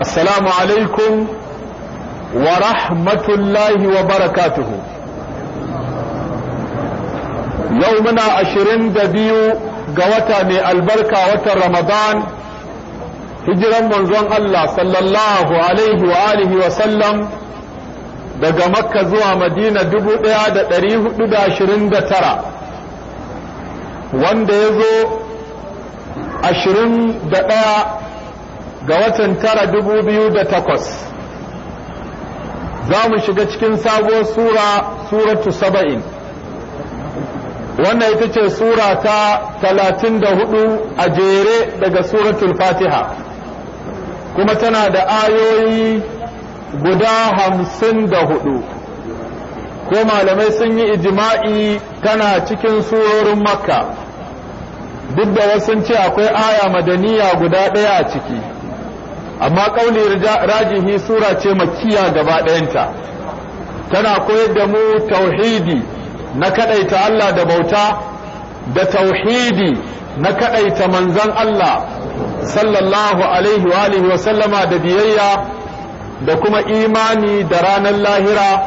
assalamu alaikum wa rahmatullahi wa barakatuhu yau muna ashirin da biyu ga wata mai albarka watan ramadan hijiran manzon Allah sallallahu alaihi wa wa sallam daga makka zuwa madina dubu ɗaya da ɗari hudu da ashirin da tara wanda ya zo ashirin da ɗaya ga watan tara dubu biyu da takwas za mu shiga cikin sabuwar sura suratu saba'in wannan ita ce sura ta talatin da hudu a jere daga suratul fatiha kuma tana da ayoyi guda hamsin da hudu ko malamai sun yi ijima'i tana cikin surorin makka duk da wasu ce akwai aya madaniya guda ɗaya a ciki amma kauli rajihi sura ce makiya gaba ɗayanta tana koyar da mu tauhidi na kaɗaita Allah da bauta da tauhidi na kaɗaita manzon Allah sallallahu alaihi wa sallama da biyayya da kuma imani da ranar lahira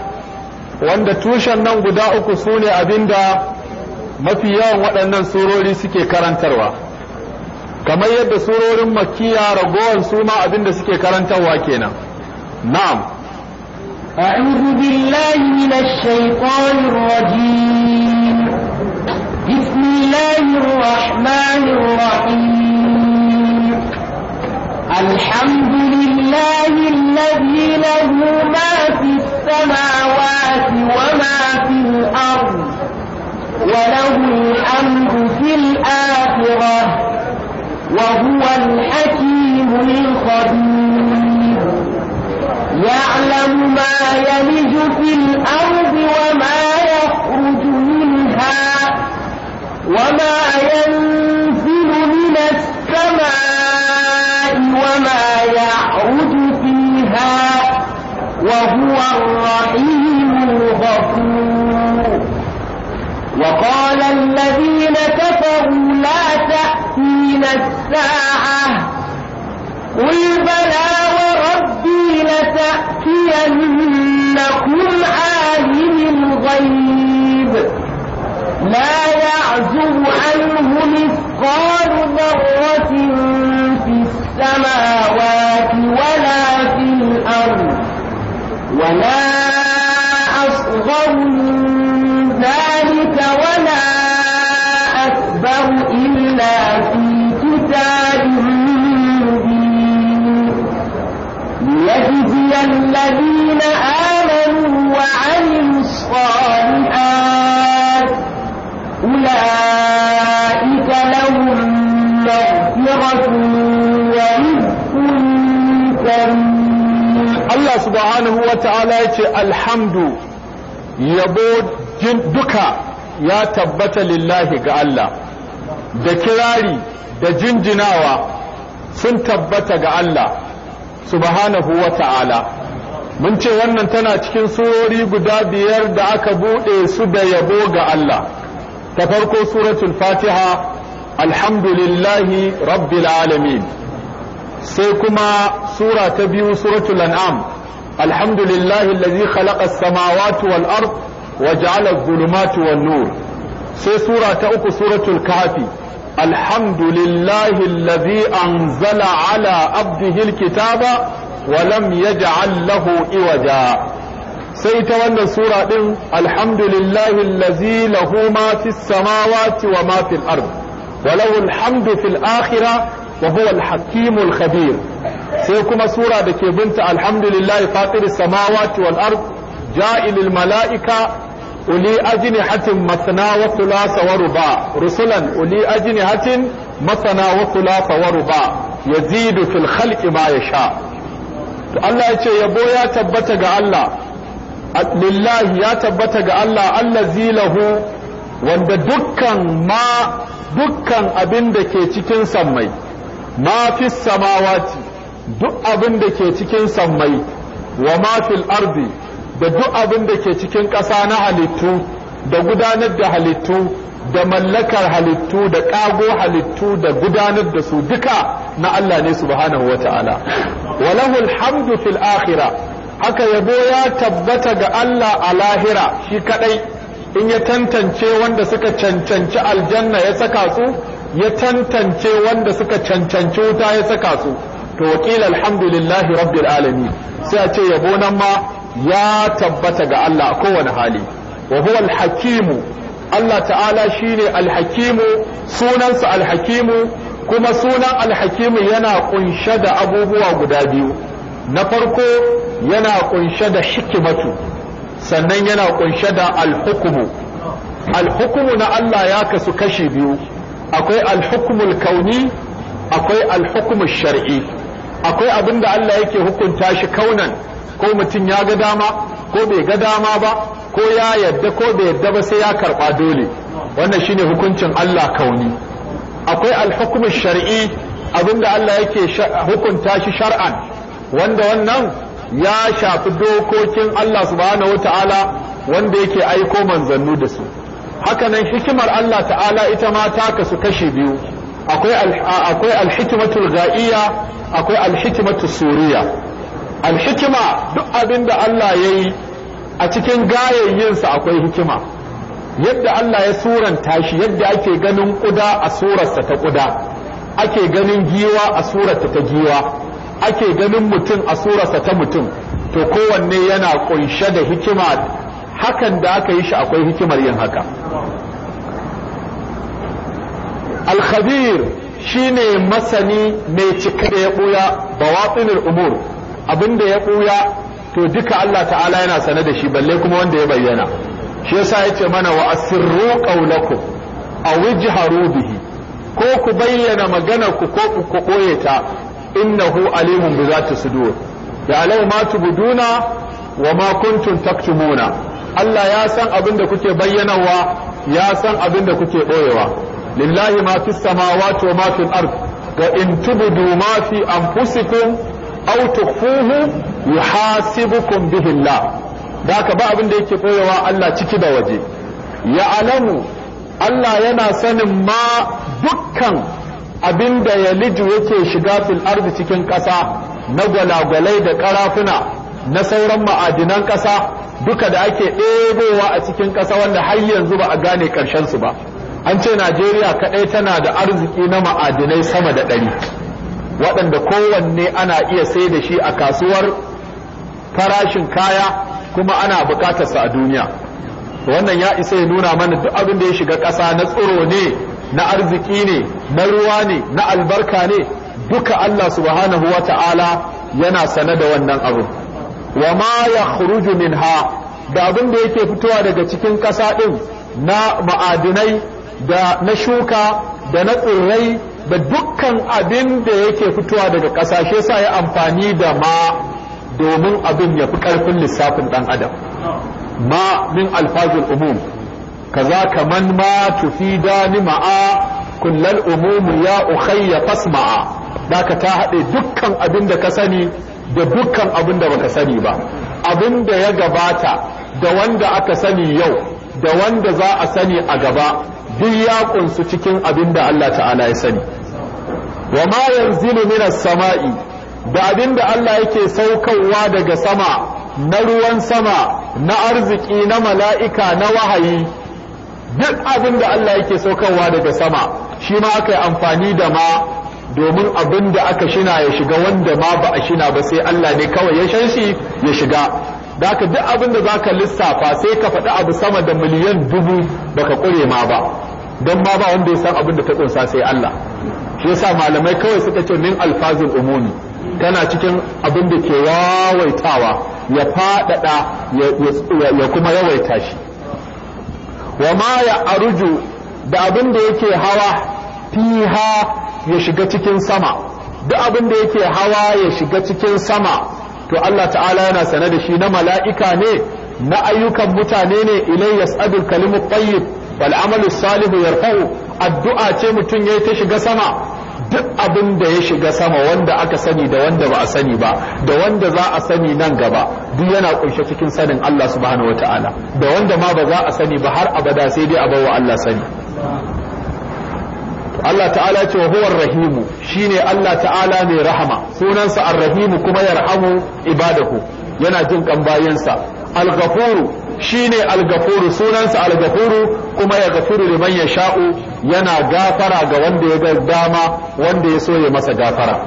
wanda tushen nan guda uku sune abinda mafi yawan waɗannan surori suke karantarwa kamar yadda surorin makiya ragowar su ma abinda suke karantarwa kenan na'am أعوذ بالله من الشيطان الرجيم بسم الله الرحمن الرحيم الحمد لله الذي له ما في السماوات وما في الأرض وله الحمد في الآخرة وهو الحكيم الخبير يعلم ما يلج في الأرض وما يخرج منها وما ينزل من السماء وما يعرج فيها وهو الرحيم الغفور وقال الذين كفروا لا تأتي من الساعة قل بلى وربي لتأتينكم عالم الغيب لا يعزب عن wa ta'ala ya ce alhamdu yabo duka ya tabbata lillahi ga Allah da kirari da jinjinawa sun tabbata ga Allah subhanahu wa ta'ala mun ce wannan tana cikin surori guda biyar da aka buɗe su da yabo ga Allah ta farko suratul fatiha alhamdulillahi rabbil alamin sai kuma sura ta biyu suratul an'am الحمد لله الذي خلق السماوات والأرض وجعل الظلمات والنور سي سورة أكو سورة الكهف الحمد لله الذي أنزل على عبده الكتاب ولم يجعل له إوجا sai ta wannan sura ɗin alhamdulillahi allazi lahu ma fis samawati wa ma fil ard wa lahu alhamdu fil akhirah wa huwa hakimul khabir sai kuma sura da ke binta alhamdulillahi fatir samawati wal ard ja'ilil mala'ika uli ajnihatin masana wa thulatha wa ruba rusulan uli ajnihatin masana wa thulatha ruba yazidu fil ma yasha to Allah ya ce yabo ya tabbata ga Allah lillahi ya tabbata ga Allah allazi lahu wanda dukkan ma dukkan abin ke cikin sammai ma fi samawati duk abin da ke cikin sammai wa ma fil ardi da duk abin da ke cikin ƙasa na halittu da gudanar da halittu da mallakar halittu da ƙago halittu da gudanar da su duka na Allah ne subhanahu wa ta'ala walahul hamdu fil akhira haka yabo ya tabbata ga Allah a lahira shi kadai in ya tantance wanda suka cancanci aljanna ya saka su ya tantance wanda suka cancanci wuta ya saka su to wakil alhamdulillah rabbil alamin sai a ce yabo nan ma ya tabbata ga Allah a kowane hali wa huwa alhakimu Allah ta'ala shine alhakimu sunansa alhakimu kuma sunan alhakimu yana kunshe da abubuwa guda biyu na farko yana kunshe da hikimatu sannan yana kunshe da alhukumu alhukumu na Allah ya kasu kashi biyu akwai alhukumul kauni akwai alhukumul shar'i akwai abin da Allah yake hukunta shi kaunan ko mutum ya ga dama ko bai ga dama ba ko ya yadda ko bai yadda ba sai ya karba dole wannan shine hukuncin Allah kauni akwai alhukumul shar'i abin da Allah yake hukunta shi shar'an wanda wannan ya shafi dokokin Allah subhanahu wataala wanda yake aiko manzannu da su hakanan hikimar Allah ta'ala ita ma ta kasu kashe biyu akwai alhikimatul ga'iya akwai alhikimatul suriya alhikima duk abin da Allah ya yi a cikin gayayyinsa akwai hikima yadda Allah ya suranta shi yadda ake ganin kuda a surarsa ta kuda ake ganin giwa a ta giwa ake ganin mutum a surarsa ta mutum to kowanne yana ƙunshe da hikima hakan da aka yi shi akwai hikimar yin haka alkhabir shine masani mai cika da ya ɓuya bawatinul umur abinda ya ɓuya to duka Allah ta'ala yana sane da shi balle kuma wanda ya bayyana shi yasa ce mana wa asirru qawlakum aw ijharu bihi ko ku bayyana maganar ku ko ku koye ta innahu alimun bi zati sudur ya alau ma tubduna wa ma kuntum taktumuna Allah ya san abin da kuke bayyanawa ya san abin da kuke boyewa lillahi ma fi samawati wa ma fi al-ard wa in tubdu ma fi anfusikum aw tukhfuhu yuhasibukum bihi Allah ba abin da yake boyewa Allah ciki da waje ya alamu Allah yana sanin ma dukkan abin da yaliju yake shiga fil ardi cikin ƙasa na gwalagwalai da ƙarafuna na sauran ma'adinan ƙasa duka da ake ɗebowa a cikin ƙasa wanda har yanzu ba a gane su ba an ce najeriya kaɗai tana da arziki na ma'adinai sama da ɗari waɗanda kowanne ana iya sai da shi a kasuwar farashin kaya kuma ana buƙatarsa a duniya wannan ya isa ya nuna mana duk abin da ya shiga ƙasa na tsoro ne na arziki ne na ruwa ne na albarka ne duka allah subhanahu wa ta'ala yana sane da wannan abu wa ma yakhruju minha da abin da yake fitowa daga cikin ƙasa ɗin na ma'adinai da na shuka da na tsirrai da dukkan abin da yake fitowa daga ƙasa shi yasa ya amfani da ma domin abin ya fi ƙarfin lissafin ɗan adam ma min alfazul umum kaza kaman ma tufida ni ma'a kullal umumu ya ukhayya fasma'a daka ta haɗe dukkan abin da ka sani da dukkan abin da baka sani ba abin da ya gabata da wanda aka sani yau da wanda za a sani a gaba duk ya kunsu cikin abin da Allah ta'ala ya sani wa ma yanzilu minas sama'i da abin da Allah yake saukarwa daga sama na ruwan sama na arziki na mala'ika na wahayi duk abin da Allah yake saukarwa daga sama shi ma aka yi amfani da ma domin abin da aka shina ya shiga wanda ma ba a shina ba sai Allah ne kawai ya shan shi ya shiga da duk abin da za ka lissafa sai ka faɗi abu sama da miliyan dubu ka ƙure ma ba don ma ba wanda ya san abin da ta ƙunsa sai Allah shi yasa malamai kawai suka ce min alfazin umuni tana cikin abin da ke wawaitawa ya faɗaɗa ya kuma yawaita shi wa ma ya aruju da abin da yake hawa fiha ya shiga cikin sama duk abin da yake hawa ya shiga cikin sama to Allah ta'ala yana sane da shi na mala'ika ne na ayyukan mutane ne ilai yas'adul kalimu tayyib amalu salihu yarfa'u addu'a ce mutum ya yi ta shiga sama duk abin da ya shiga sama wanda aka sani da wanda ba a sani ba da wanda za a sani nan gaba duk yana kunshe cikin sanin Allah subhanahu wataala da wanda ma ba za a sani ba har abada sai dai a bawa Allah sani Allah ta'ala ce wa huwar rahimu shine Allah ta'ala mai rahama sunansa ar-rahimu kuma yarhamu ibadahu yana jin kan bayansa al-ghafuru shine al-ghafuru sunansa al-ghafuru kuma ya ghafuru liman yasha'u yana gafara ga wanda ya ga dama wanda ya so ya masa gafara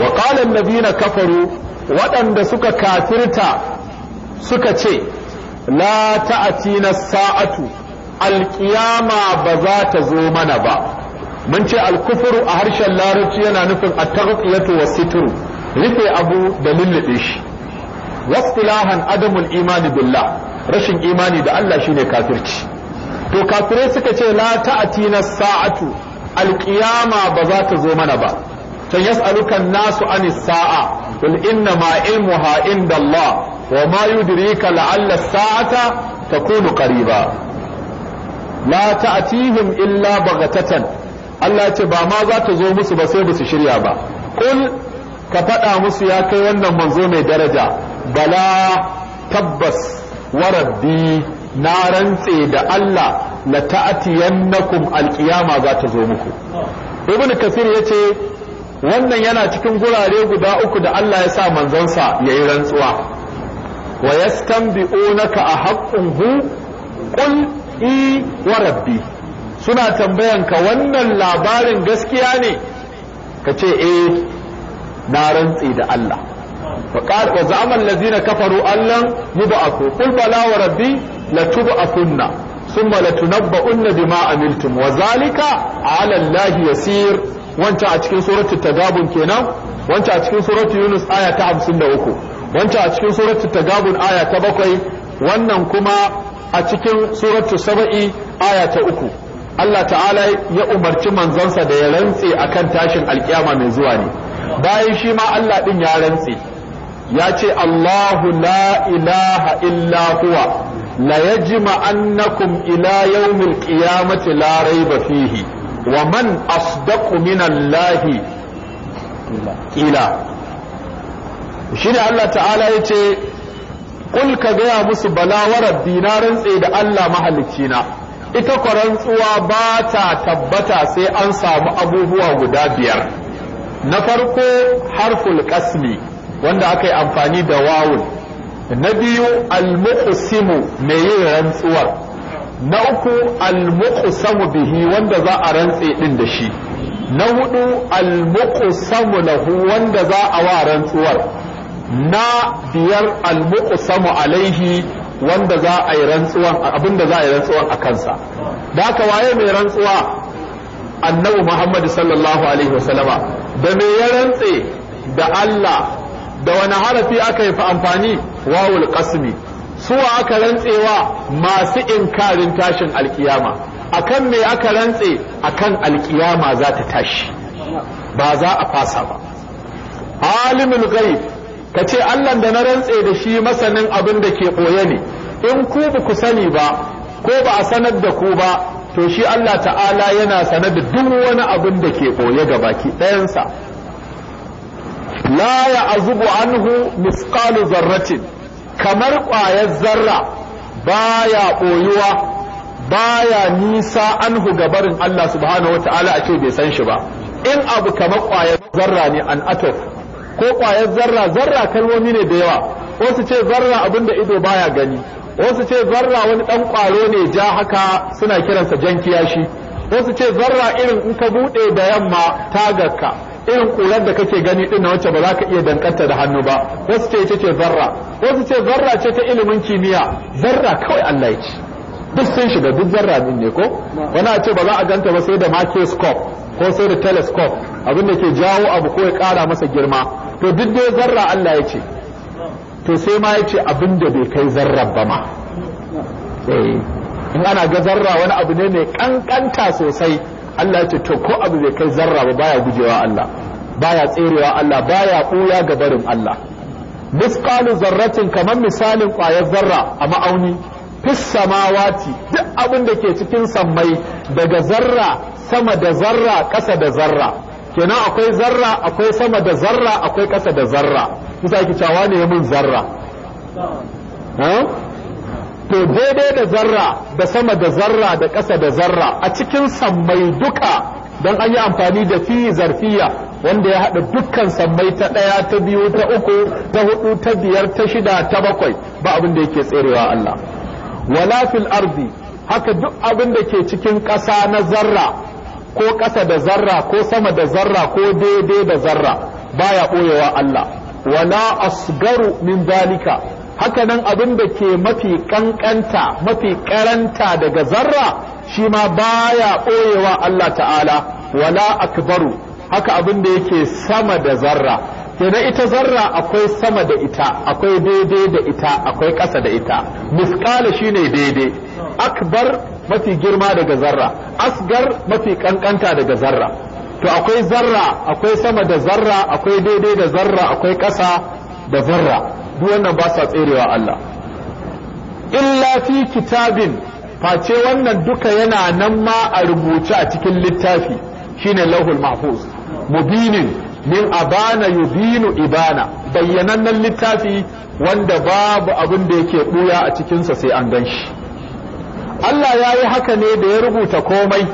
wa qala alladhina kafaru waɗanda suka kafirta suka ce la na sa'atu alƙiyama ba za ta zo mana ba mun ce alkufuru a harshen larabci yana nufin a taghyatu wa situru rufe abu da lullube shi wasilahan adamul imani billah rashin imani da Allah shine kafirci to kafirai suka ce la na sa'atu alqiyama ba za ta zo mana ba can yas'aluka nasu an sa'a qul inna ma ilmuha inda Allah wa ma yudrika la'alla sa'ata takunu qariba la ta'tihim illa baghtatan Allah ce ba ma za ta zo musu ba sai ba su shirya ba kul ka faɗa musu ya kai wannan manzo mai daraja bala tabbas warabbi na rantse da Allah la ta'tiyannakum alqiyama za ta zo muku ibn kasir yace wannan yana cikin gurare guda uku da Allah ya sa manzonsa yayi rantsuwa wa yastanbi'unaka a haqqun hu qul i wa rabbi suna tambayanka wannan labarin gaskiya ne ka ce eh na rantsi da Allah wa zaman lazina kafaru Allah mu ba aku kul bala wa rabbi la tub'atunna thumma la tunabba'unna bima amiltum wa zalika ala Allah yasir wancan a cikin suratul tagabun kenan wancan a cikin suratul yunus aya ta 53 wancan a cikin suratul tagabun aya ta 7 wannan kuma a cikin suratul saba'i aya ta 3 Allah ta'ala ya umarci manzansa da ya rantse akan tashin alkiyama mai zuwa ne bayan shi ma Allah din ya rantse ya ce Allahu la ilaha illa huwa la yajma annakum ila yawmil qiyamati la rayba fihi wa man asdaqu minallahi ila shine Allah ta'ala ya ce kul ka gaya musu bala wa na rantse da Allah mahalicci na ita kwarantsuwa ba ta tabbata sai an samu abubuwa guda biyar na farko harful kasmi wanda aka yi amfani da wawul na biyu almukusimu mai yin rantsuwar na uku almuqsamu bihi wanda za a rantse din da shi na hudu almuqsamu lahu wanda za a wa rantsuwar na biyar almukusamu alaihi wanda za a yi rantsuwan abin da za a yi rantsuwan a kansa da haka waye mai rantsuwa annabi Muhammad sallallahu alaihi wasallama da me ya rantse da Allah da wani harafi aka yi amfani wawul qasmi suwa aka rantsewa masu inkarin tashin alkiyama akan me aka rantse akan alkiyama za ta tashi ba za a fasa ba alimul ghaib ka ce Allah da na rantse da shi masanin abin da ke ɓoye ne in ku ba ku sani ba ko ba a sanar da ku ba to shi Allah ta'ala yana sanar da duk wani abin da ke ɓoye ga baki ɗayansa la ya azubu anhu misqalu zarratin kamar ƙwayar zarra baya ɓoyuwa baya nisa anhu gabarin Allah subhanahu wata'ala a ce bai san shi ba in abu kamar ƙwayar zarra ne an atof ko ƙwayar zarra zarra kalmomi ne da yawa wasu ce zarra abin da ido baya gani wasu ce zarra wani ɗan ƙwaro ne ja haka suna kiransa jan kiyashi wasu ce zarra irin in ka bude da yamma tagarka irin kurar da kake gani ɗin na wacce ba za ka iya dankanta da hannu ba wasu ce ita ce zarra wasu ce zarra ce ta ilimin kimiyya zarra kawai Allah ya ci duk sun shiga duk zarra din ne ko wani a ce ba za a ganta ba sai da microscope ko sai da telescope abin da ke jawo abu ko ya kara masa girma to duk da zarra Allah ya ce to sai ma ya ce abin da bai kai zarra ba ma eh, in ana ga zarra wani abu ne mai kankanta sosai Allah ya ce to ko abu bai kai zarra ba baya gujewa Allah baya tserewa Allah baya ɓuya ga barin Allah misqalu zarratin kamar misalin ƙwayar zarra a ma'auni fis samawati duk abin da ke cikin sammai daga zarra sama da zarra ƙasa da zarra kenan akwai zarra akwai sama da zarra akwai ƙasa da zarra kusa ake cewa ne ya mun zarra to daidai da zarra da sama da zarra da ƙasa da zarra a cikin sammai duka don an yi amfani da fi zarfiya wanda ya haɗa dukkan sammai ta ɗaya ta biyu ta uku ta hudu ta biyar ta shida ta bakwai ba abin da yake tserewa Allah wala fil ardi haka duk abin da ke cikin ƙasa na zarra ko ƙasa da zarra ko sama da zarra ko daidai da zarra baya ɓoyewa Allah wala asgaru min zalika hakanan abin da ke mafi ƙanƙanta mafi ƙaranta daga zarra shi ma baya ɓoyewa Allah ta'ala wala akbaru haka abin da yake sama da zarra na ita zarra akwai sama da ita akwai daidai da ita akwai ƙasa da ita misƙala shine daidai akbar mafi girma daga zarra asgar mafi kankanta daga zarra to akwai zarra akwai sama da zarra akwai daidai da zarra akwai ƙasa da zarra duk wannan ba sa tserewa Allah illa fi kitabin face wannan duka yana nan ma a rubuce a cikin littafi shine lauhul mahfuz mubinin min abana yubinu ibana bayyanannen littafi wanda babu abin da yake buya a cikinsa sai an gan shi Allah ya yi haka ne da ya rubuta komai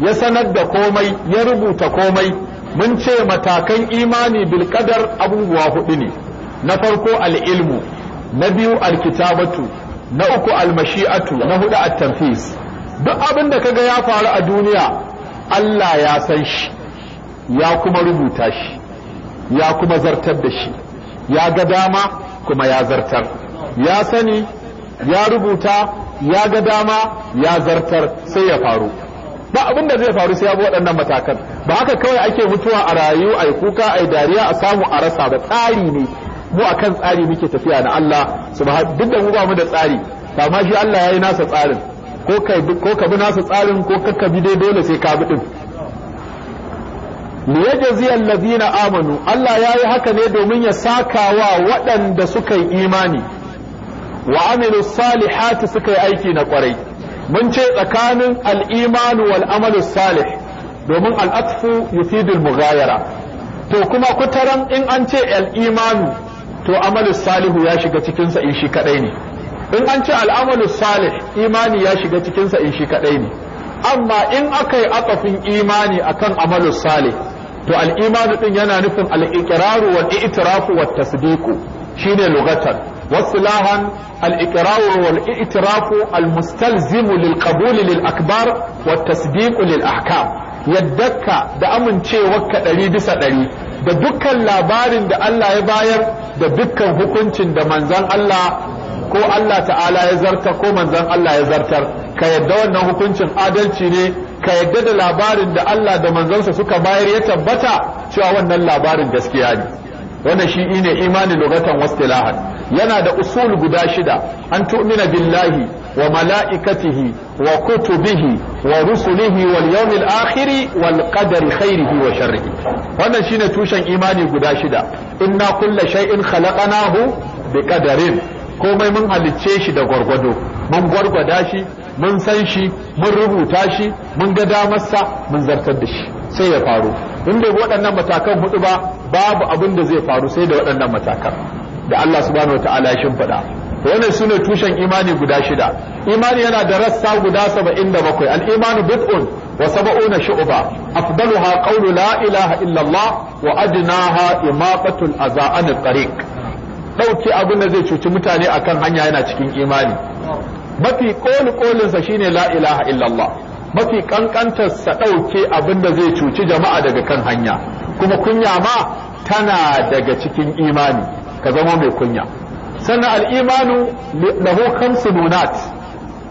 ya sanar da komai ya rubuta komai mun ce matakan imani bilkadar abubuwa hudu ne na farko al'ilmu na biyu alkitabatu na uku almashi'atu na hudu at-tanfis duk abin da kaga ya faru a duniya Allah ya san shi ya kuma rubuta shi ya kuma zartar da shi ya ga dama kuma ya zartar ya sani ya rubuta ya ga dama ya zartar sai ya faru ba abin zai faru sai ya bi waɗannan matakan ba haka kawai ake mutuwa a rayu ai kuka ai dariya a samu a rasa ba tsari ne mu akan tsari muke tafiya na Allah duk da mu ba mu da tsari ba ma shi Allah ya yi nasa tsarin ko ka bi nasa tsarin ko kakka bi dai dole sai ka bi ziyar liyajziya na amanu Allah ya yi haka ne domin ya sakawa waɗanda suka yi imani wa amilu salihati suka yi aiki na kwarai mun ce tsakanin al'imanu wal amalu salih domin al'atfu yufidul mughayara to kuma kutaran in an ce al'imanu to amalu salihu ya shiga cikinsa in shi kadai ne in an ce al'amalu salih imani ya shiga cikinsa in shi kadai ne amma in aka yi akafin imani akan amalu salih to al'imanu din yana nufin al'iqraru wal i'tirafu wat tasdiqu shine lugatan واصطلاحا الإقرار والإعتراف المستلزم للقبول للأكبر والتصديق للأحكام yaddaka da ka ɗari bisa ɗari da dukkan labarin da Allah ya bayar da dukkan hukuncin da manzan Allah ko Allah ta'ala ya zarta ko manzan Allah ya zartar ka yadda wannan hukuncin adalci ne ka yadda da labarin da Allah da manzansa suka bayar ya tabbata cewa wannan labarin gaskiya ne wannan shi ne imanin lugatan wastilahan yana da usul guda shida an tu'mina billahi wa mala'ikatihi wa kutubihi wa rusulihi wal yawmil akhiri wal qadari khairihi wa sharrihi wannan shine tushen imani guda shida inna kulla shay'in khalaqnahu bi qadarin komai mun halicce shi da gwargwado mun gwargwada shi mun san shi mun rubuta shi mun ga damarsa mun zartar da shi sai ya faru in bai waɗannan matakan hudu ba babu abin da zai faru sai da waɗannan matakan da Allah subhanahu wataala ya shimfiɗa wannan sune tushen imani guda shida imani yana da rassa guda saba'in da bakwai al'imanu bid'un wa saba'una shu'ba afdaluha qawlu la ilaha illallah wa adnaha imaqatul adha tariq dauke abin da zai cuci mutane akan hanya yana cikin imani mafi koli kolinsa shine la ilaha mafi kankantar sa dauke abin da zai cuci jama'a daga kan hanya kuma kunya ma tana daga cikin imani ka zama mai kunya sannan al'imanu lahu khamsu nunat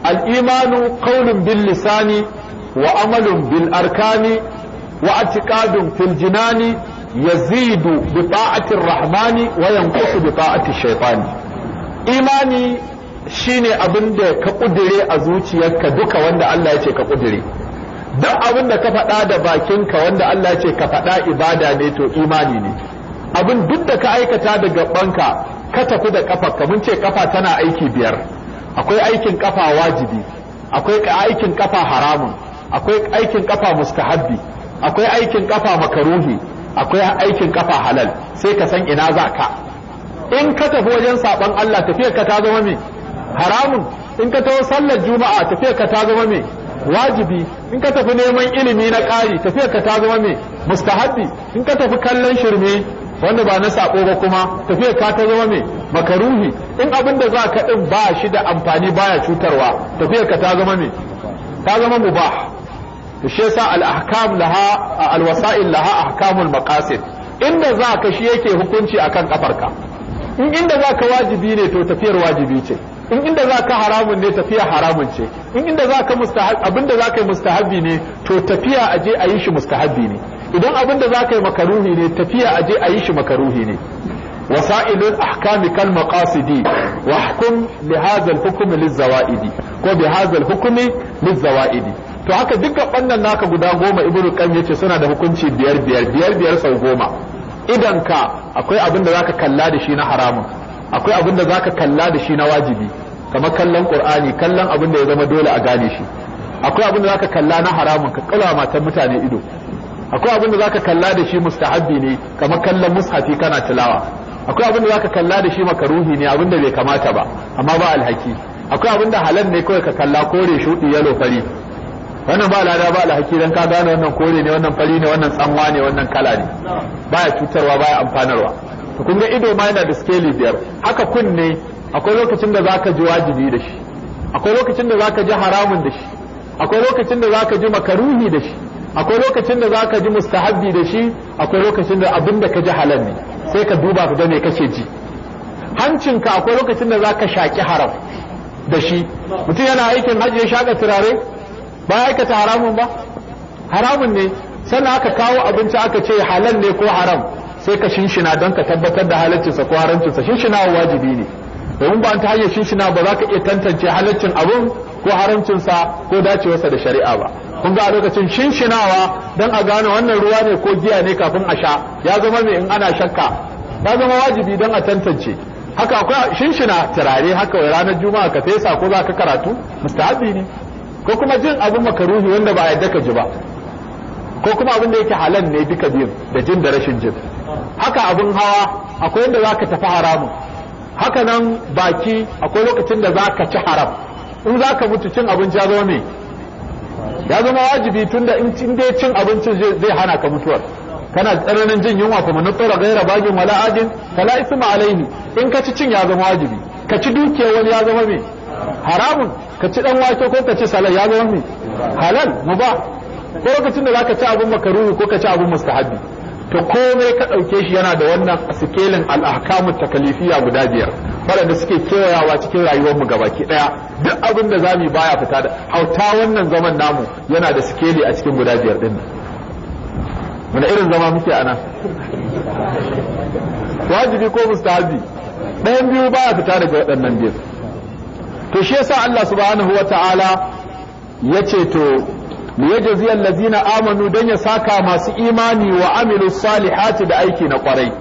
al'imanu qawlun bil lisani wa amalun bil arkani wa i'tiqadun fil jinani yazidu bi ta'ati rahmani wa yanqusu bi ta'ati shaytani imani shine abin da ka ƙudire a zuciyarka duka wanda Allah ya ce ka kudire duk abin da ka faɗa da bakinka wanda Allah ya ce ka faɗa ibada ne to imani ne abin duk da ka aikata da gabanka ka tafi da kafarka mun ce kafa tana aiki biyar akwai aikin kafa wajibi akwai aikin kafa haramun akwai aikin kafa mustahabbi akwai aikin kafa makaruhi akwai aikin kafa halal sai ka san ina za ka in ka tafi wajen saban Allah tafiyar ka ta zama me haramun in ka tafi sallar juma'a tafiyar ka ta zama me wajibi in ka tafi neman ilimi na ƙari tafiyar ka ta zama me mustahabbi in ka tafi kallon shirme wanda ba na sako ba kuma tafiya ka ta zama mai makaruhi in abin da za ka din ba shi da amfani baya cutarwa tafiya ka ta zama mai ta zama mubah to shi yasa al ahkam laha al wasa'il laha ahkamul maqasid inda za ka shi yake hukunci akan kafarka in inda za ka wajibi ne to tafiyar wajibi ce in inda za ka haramun ne tafiya haramun ce in inda za ka abinda za ka yi mustahabi ne to tafiya a je a yi shi mustahabi ne idan abin da za ka yi makaruhi ne tafiya a je a yi shi makaruhi ne hukum الأحكام كالمقاصد al بهذا hukumi zawaidi ko bihazal hukumi zawaidi to haka duka wannan naka guda goma ibnu qayyim yace suna da hukunci biyar biyar biyar biyar sau goma idan ka akwai abin da zaka kalla da shi na haramun akwai abin da zaka kalla da shi na wajibi kamar kallon qur'ani kallon abin da ya zama dole a gane shi akwai abin da zaka kalla na haramun ka kula matan mutane ido akwai abin da zaka kalla da shi mustahabbi ne kamar kallon mushafi kana tilawa akwai abin da zaka kalla da shi makaruhi ne abin da bai kamata ba amma ba alhaki akwai abin da halal ne kawai ka kalla kore shudi yalo fari wannan ba lada ba alhaki dan ka gane wannan kore ne wannan fari ne wannan tsanwa ne wannan kala ne baya cutarwa baya amfanarwa to kun ga ido ma yana da skeli biyar haka kunne akwai lokacin da zaka ji wajibi da shi akwai lokacin da zaka ji haramun da shi akwai lokacin da zaka ji makaruhi da shi akwai lokacin da za ka ji mustahabbi da shi akwai lokacin da abin da ka ji halal ne sai ka duba ka gane me ji hancinka akwai lokacin da za ka shaki haram da shi mutum yana aikin hajji ya shaka turare ba ya aikata haramun ba haramun ne sannan aka kawo abinci aka ce halal ne ko haram sai ka shinshina don ka tabbatar da halaccinsa ko haramcinsa shinshina wajibi ne domin ba ta hanyar shishina ba za ka iya tantance halaccin abun ko haramcinsa ko dacewarsa da shari'a ba kun ga a lokacin shinshinawa don a gane wannan ruwa ne ko giya ne kafin a sha ya zama mai in ana shakka ba zama wajibi don a tantance haka akwai shinshina turare haka wai ranar juma'a ka fesa ko za ka karatu mustahabi ne ko kuma jin abin makaruhi wanda ba yadda ka ji ba ko kuma abin da yake halal ne duka biyun da jin da rashin jin haka abin hawa akwai yadda za ka tafi haramun haka nan baki akwai lokacin da za ka ci haram in za ka mutu cin abinci ya zama me ya zama wajibi tun da in dai cin abinci zai hana ka mutuwar kana tsananin jin yunwa kuma na tsora gaira bagin wala ajin fala isma alaihi in ka ci cin ya zama wajibi ka ci dukiyar wani ya zama me haramun ka ci dan wake ko ka ci salai ya zama me halal mubah ko lokacin da za ka ci abin makaruhu ko ka ci abin mustahabi to komai ka ɗauke shi yana da wannan sikelin al'ahkamu takalifiya guda biyar waɗanda suke kewayawa cikin mu gabaki ɗaya duk abin da zamu baya fita da hauta wannan zaman namu yana da sikeli a cikin guda biyar ɗin wani irin zama muke a nan wajibi ko mustahabi ɗayan biyu baya fita daga waɗannan biyar to shi yasa Allah subhanahu wa ta'ala ya ce to liyajzi allazina amanu dan ya saka masu imani wa amilu salihati da aiki na kwarai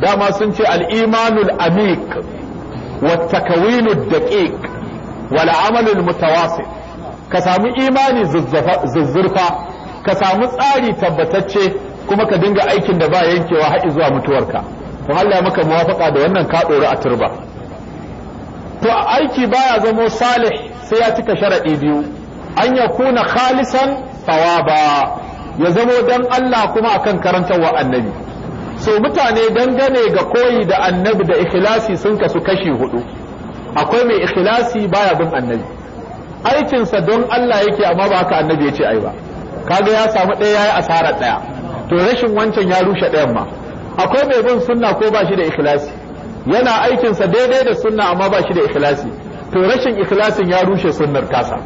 dama sun ce al-imanul amik wa takawinu daqiq wal amalul Mutawasi. ka samu imani zuzzurfa ka samu tsari tabbatacce kuma ka dinga aikin da ba yankewa har zuwa mutuwarka to Allah ya maka da wannan ka dora a turba to aiki baya zamo salih sai ya cika sharadi biyu an ya kuna khalisan tawaba ya zamo dan Allah kuma akan wa annabi so mutane dangane ga koyi da annabi da ikhlasi sun kasu kashi hudu akwai mai ikhlasi baya bin annabi aikinsa don Allah yake amma ba haka annabi ya ce ai ba kaga ya samu ɗaya ya yi asara ɗaya to rashin wancan ya rushe ɗayan ma akwai mai bin sunna ko ba shi da ikhlasi yana aikinsa daidai da sunna amma ba shi da ikhlasi to rashin ikhlasin ya rushe sunnar kasa.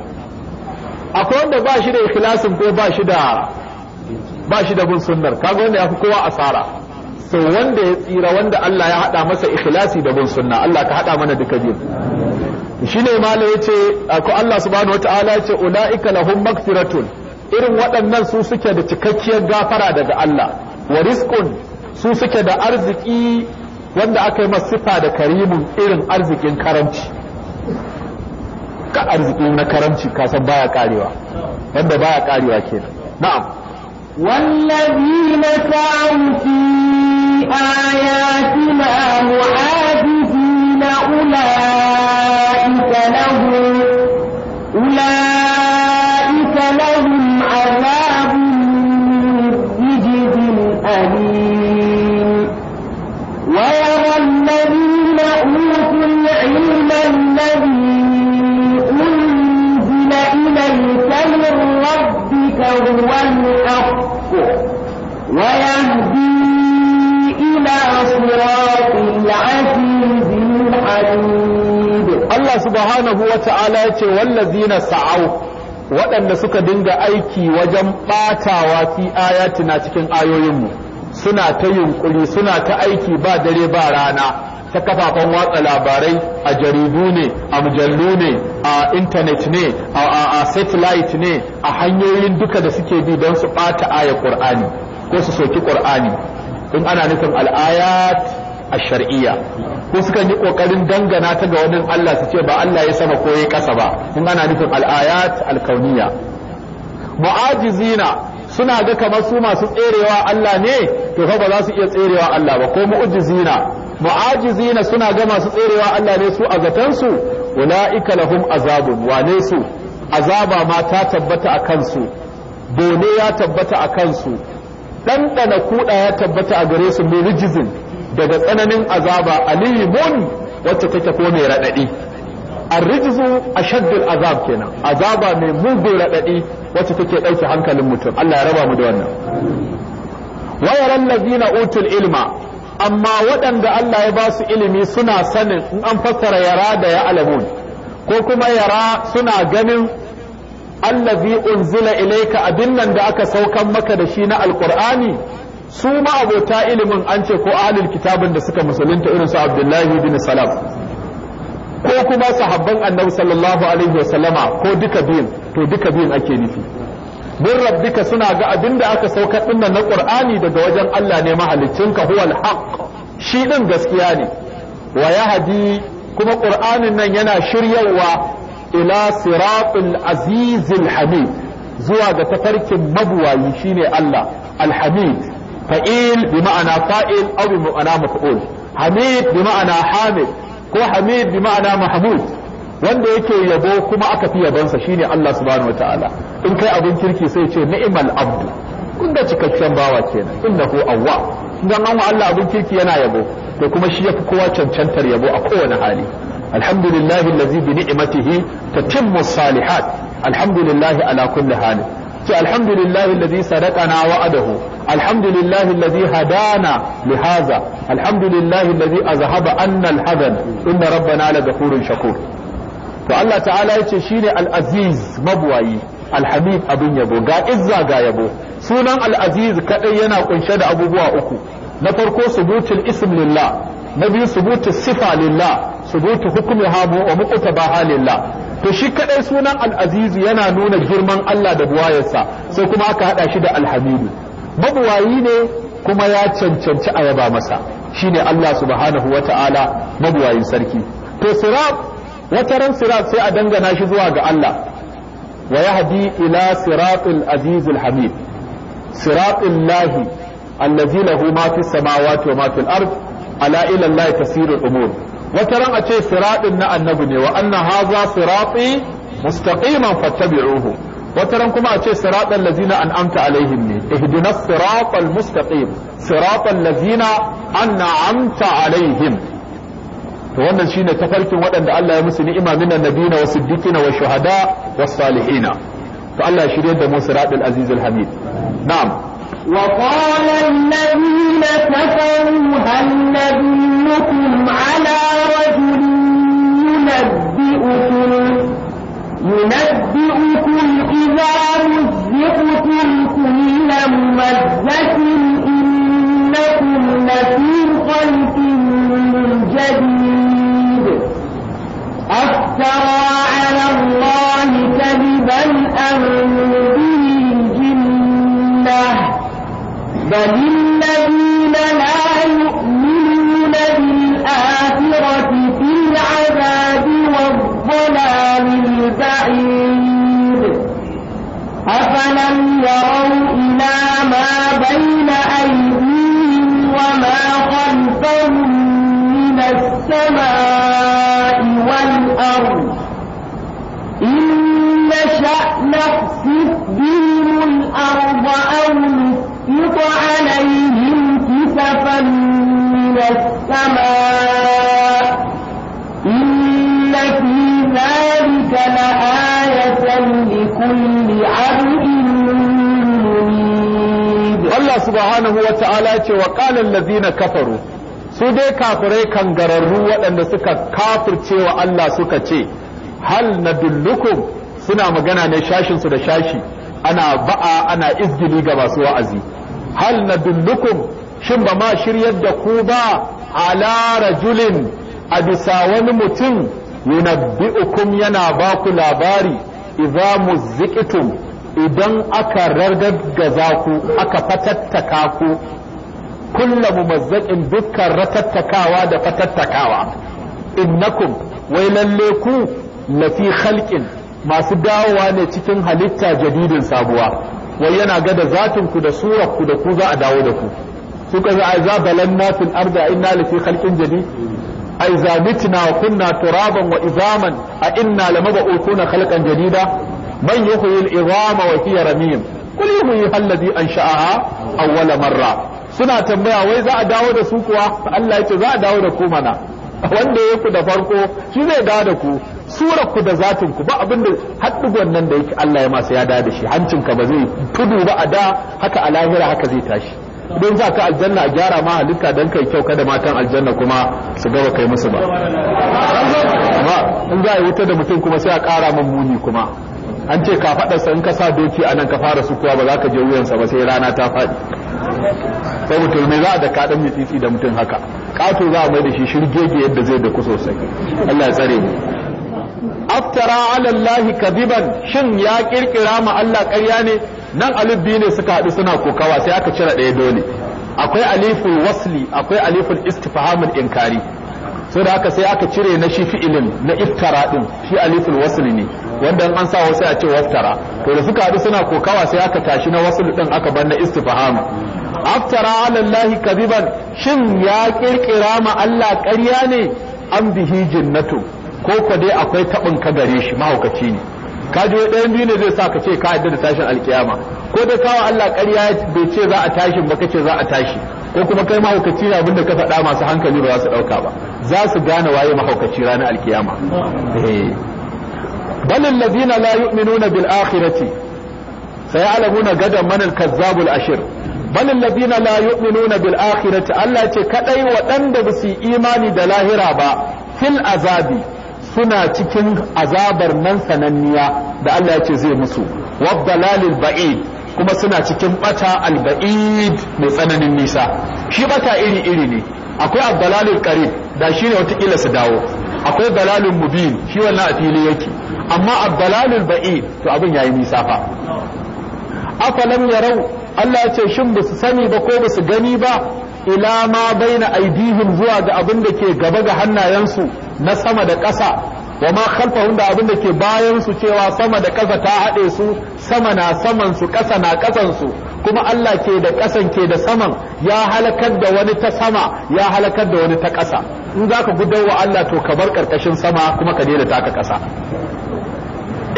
akwai wanda ba shi da ikhlasin ko ba shi da ba shi da bin sunnar kaga wanda yafi kowa asara so wanda ya tsira wanda Allah ya hada masa ikhlasi da bin sunna Allah ka hada mana duka biyu shine malai yace ko Allah subhanahu wataala yace ulaika lahum magfiratun irin waɗannan su suke da cikakkiyar gafara daga Allah wa rizqun su suke da arziki wanda aka yi masifa da karimun irin arzikin karanci duka arziki na karanci kasan baya karewa wanda baya karewa kenan na'am wallazina sa'u fi ayatina mu'adidina ulaika lahum ulaika هو الحق ويهدي إلى صراط العزيز الحميد الله سبحانه waɗanda suka dinga aiki wajen ɓatawa fi ayatina cikin ayoyinmu suna ta yunkuri suna ta aiki ba dare ba rana ta kafafen watsa labarai a jaridu ne a mujallu ne a intanet ne a satellite ne a hanyoyin duka da suke bi don su ɓata aya ƙur'ani ko su soki ƙur'ani in ana nufin al'ayat a shar'iyya ko sukan yi ƙoƙarin dangana ta ga wani Allah su ce ba Allah ya sama ko ya ƙasa ba in ana nufin al'ayat alkauniya mu'ajizina suna ga kamar su masu tserewa Allah ne to fa ba za su iya tserewa Allah ba ko mu'jizina mu'ajizina suna ga masu tserewa Allah ne su a zaton su ulaika lahum azabun wane su azaba ma ta tabbata a kansu dole ya tabbata a kansu ɗanɗana kuɗa ya tabbata a gare su mu'jizin daga tsananin azaba alimun wacce take ko mai radadi. a ashaddul azab kenan azaba mai mugun radadi wacce take dauke hankalin mutum Allah ya raba mu da wannan wa yaral ladina utul ilma amma waɗanda Allah ya basu ilimi suna sanin in an fassara yara da ya alamun ko kuma yara suna ganin allazi unzila ilaika abin nan da aka saukan maka da shi na alqur'ani su ma abota ilimin an ce ko ahlul kitabin da suka musulunta irin su abdullahi bin salam ko kuma sahabban annabi sallallahu alaihi wasallama ko duka biyun to duka biyun ake nufi min rabbika suna ga abin da aka saukar din na qur'ani daga wajen Allah ne ka huwal haqq shi din gaskiya ne wa yahdi kuma qur'anin nan yana shiryawa ila siratul azizil hamid zuwa ga tafarkin mabuwayi shine Allah alhamid fa'il bi ma'ana fa'il aw bi ma'ana maf'ul hamid bi ma'ana hamid ko hamid bi ma'ana mahmud wanda yake yabo kuma aka fi yabonsa shine Allah subhanahu wataala in kai abin kirki sai ce ni'mal abdu kun ga cikakken bawa kenan innahu awwa dan an Allah abin kirki yana yabo to kuma shi yafi kowa cancantar yabo a kowane hali alhamdulillahi allazi bi ni'matihi tatimmu salihat alhamdulillahi ala kulli hal ce alhamdulillahi alladhi sadaqana wa'adahu alhamdulillahi alladhi hadana li hadha alhamdulillahi alladhi azhaba anna alhadan inna rabbana la ghafurun shakur to Allah ta'ala yace shine al-aziz mabwayi alhamid abin yabo ga izza ga yabo sunan al-aziz kadai yana kunshe da abubuwa uku na farko subutul ism lillah na biyu subutul sifa lillah subutu Habu, wa muqtabaha lillah to shi kadai sunan al'azizu yana nuna girman Allah da buwayarsa sai kuma aka hada shi da alhamidu mabuwayi ne kuma ya cancanci a yaba masa shine Allah subhanahu wata'ala mabuwayin sarki to sirat wata ran sirat sai a dangana shi zuwa ga Allah wa yahdi ila siratil azizil hamid siratil lahi allazi lahu ma fis samawati wa ma fil ard ala ila allahi tasirul umur wata ran a ce siraɗin na annabi ne wa anna haza sirati mustaqiman fattabi'uhu wata ran kuma a ce siratal lazina an'amta alaihim ne ihdinas siratal mustaqim siratal lazina an'amta alaihim to wannan shine tafarkin waɗanda Allah ya musu ni'ima na nabiyina wa siddiqina wa shuhada wa salihina to Allah ya shirye da mu siratal azizul na. na'am وقال الذين كفروا هل نبي يدلكم على رجل ينبئكم ينبئكم إذا مزقتم كل مُمَزَّةٍ إنكم لفي خلق جديد أفترى على الله كذبا أم به الجنة بل الذين لا يؤمنون الآخرة في العذاب والضلال البعيد أفلم يروا إلى ما بين أيديهم وما خلفهم من السماء والأرض إن نشأ نخسف بهم الأرض أو نسقط عليهم كسفا من السماء ربك لآية لكل عبد منيب الله سبحانه وتعالى وقال الذين كفروا su dai kafirai gararru waɗanda suka kafirce wa Allah suka ce hal na dullukum suna magana ne shashinsu da shashi ana ba'a ana izgili ga masu wa'azi hal na dullukum shin ba ma shiryar da ku ba ala rajulin a bisa wani mutum yunabbi'ukum yana ba ku labari idza muzziqitum idan aka rargaggaza ku aka fatattaka ku kulla mumazzakin dukkan ratattakawa da fatattakawa innakum wai lalle ku lafi khalqin masu dawowa ne cikin halitta jadidin sabuwa wai yana gada zatin ku da surar ku da ku za a dawo da ku suka za a za balan nafin arda inna lafi khalqin jadid ai zamitna wa kunna turaban wa izaman a inna lamab'utuna khalqan jadida man yuhyi al-izama wa hiya ramim kul yuhyi alladhi ansha'aha awwala marra suna tambaya wai za a dawo da su kuwa Allah yace za a dawo da ku mana wanda ya ku da farko shi zai dawo da ku sura ku da zatin ku ba abin da nan da yake Allah ya masa ya dawo da shi hancin ka ba zai tudu ba a da haka a lahira haka zai tashi don za ka aljanna a gyara ma halitta don kai kyau kada matan aljanna kuma su gaba kai musu ba amma in za a yi wuta da mutum kuma sai a ƙara min muni kuma an ce ka faɗa in ka sa doki a nan ka fara sukuwa ba za ka je wuyansa ba sai rana ta faɗi sai mutum ne za a da kaɗan mai tsitsi da mutum haka ƙato za a mai da shi shirgege yadda zai da sosai Allah ya tsare mu aftara ala allahi kadiban shin ya kirkira ma Allah ƙarya ne nan alif biyu ne suka haɗu suna kokawa sai aka cire ɗaya dole akwai aliful wasli akwai aliful istifhamul inkari so da haka sai aka cire na shi fi'ilin na iftara ɗin, shi aliful wasli ne wanda an sa wasu a ce waftara to da suka haɗu suna kokawa sai aka tashi na wasl ɗin aka bar na istifham aftara ala allahi kadiban shin ya kirkira ma Allah ƙarya ne an bihi jinnatu ko ko dai akwai tabin ka gare shi mahaukaci ne ka ji ɗayan biyu ne zai sa ka ce ka yadda da tashin alkiyama ko da kawo Allah ƙarya bai ce za a tashi ba kace za a tashi ko kuma kai mahaukaci ne abinda ka faɗa masu hankali ba za su ɗauka ba za su gane waye mahaukaci ranar alkiyama eh. balin lazina la yu'minuna bil akhirati alamuna gadan manal kazzabul ashir balin lazina la yu'minuna bil akhirati Allah ce kadai waɗanda ba su imani da lahira ba fil azabi suna cikin azabar nan sananniya da Allah ya ce zai musu wabdalalil ba'id kuma suna cikin bata alba'id mai tsananin nisa shi bata iri iri ne akwai abdalalil qarib da shi ne watakila su dawo akwai dalalul mubin shi wannan a fili yake amma abdalalil ba'id to abin yayi nisa fa afalam yarau Allah ya ce shin ba su sani ba ko ba su gani ba ila ma baina aidihim zuwa ga abin da ke gaba ga hannayensu na sama da ƙasa wa ma khalfahum da abin da ke bayan su cewa sama da ƙasa ta haɗe su sama na saman su ƙasa na ƙasan su kuma Allah ke da ƙasan ke da saman ya halakar da wani ta sama ya halakar da wani ta ƙasa in zaka gudan wa Allah to ka bar ƙarƙashin sama kuma ka daina taka ƙasa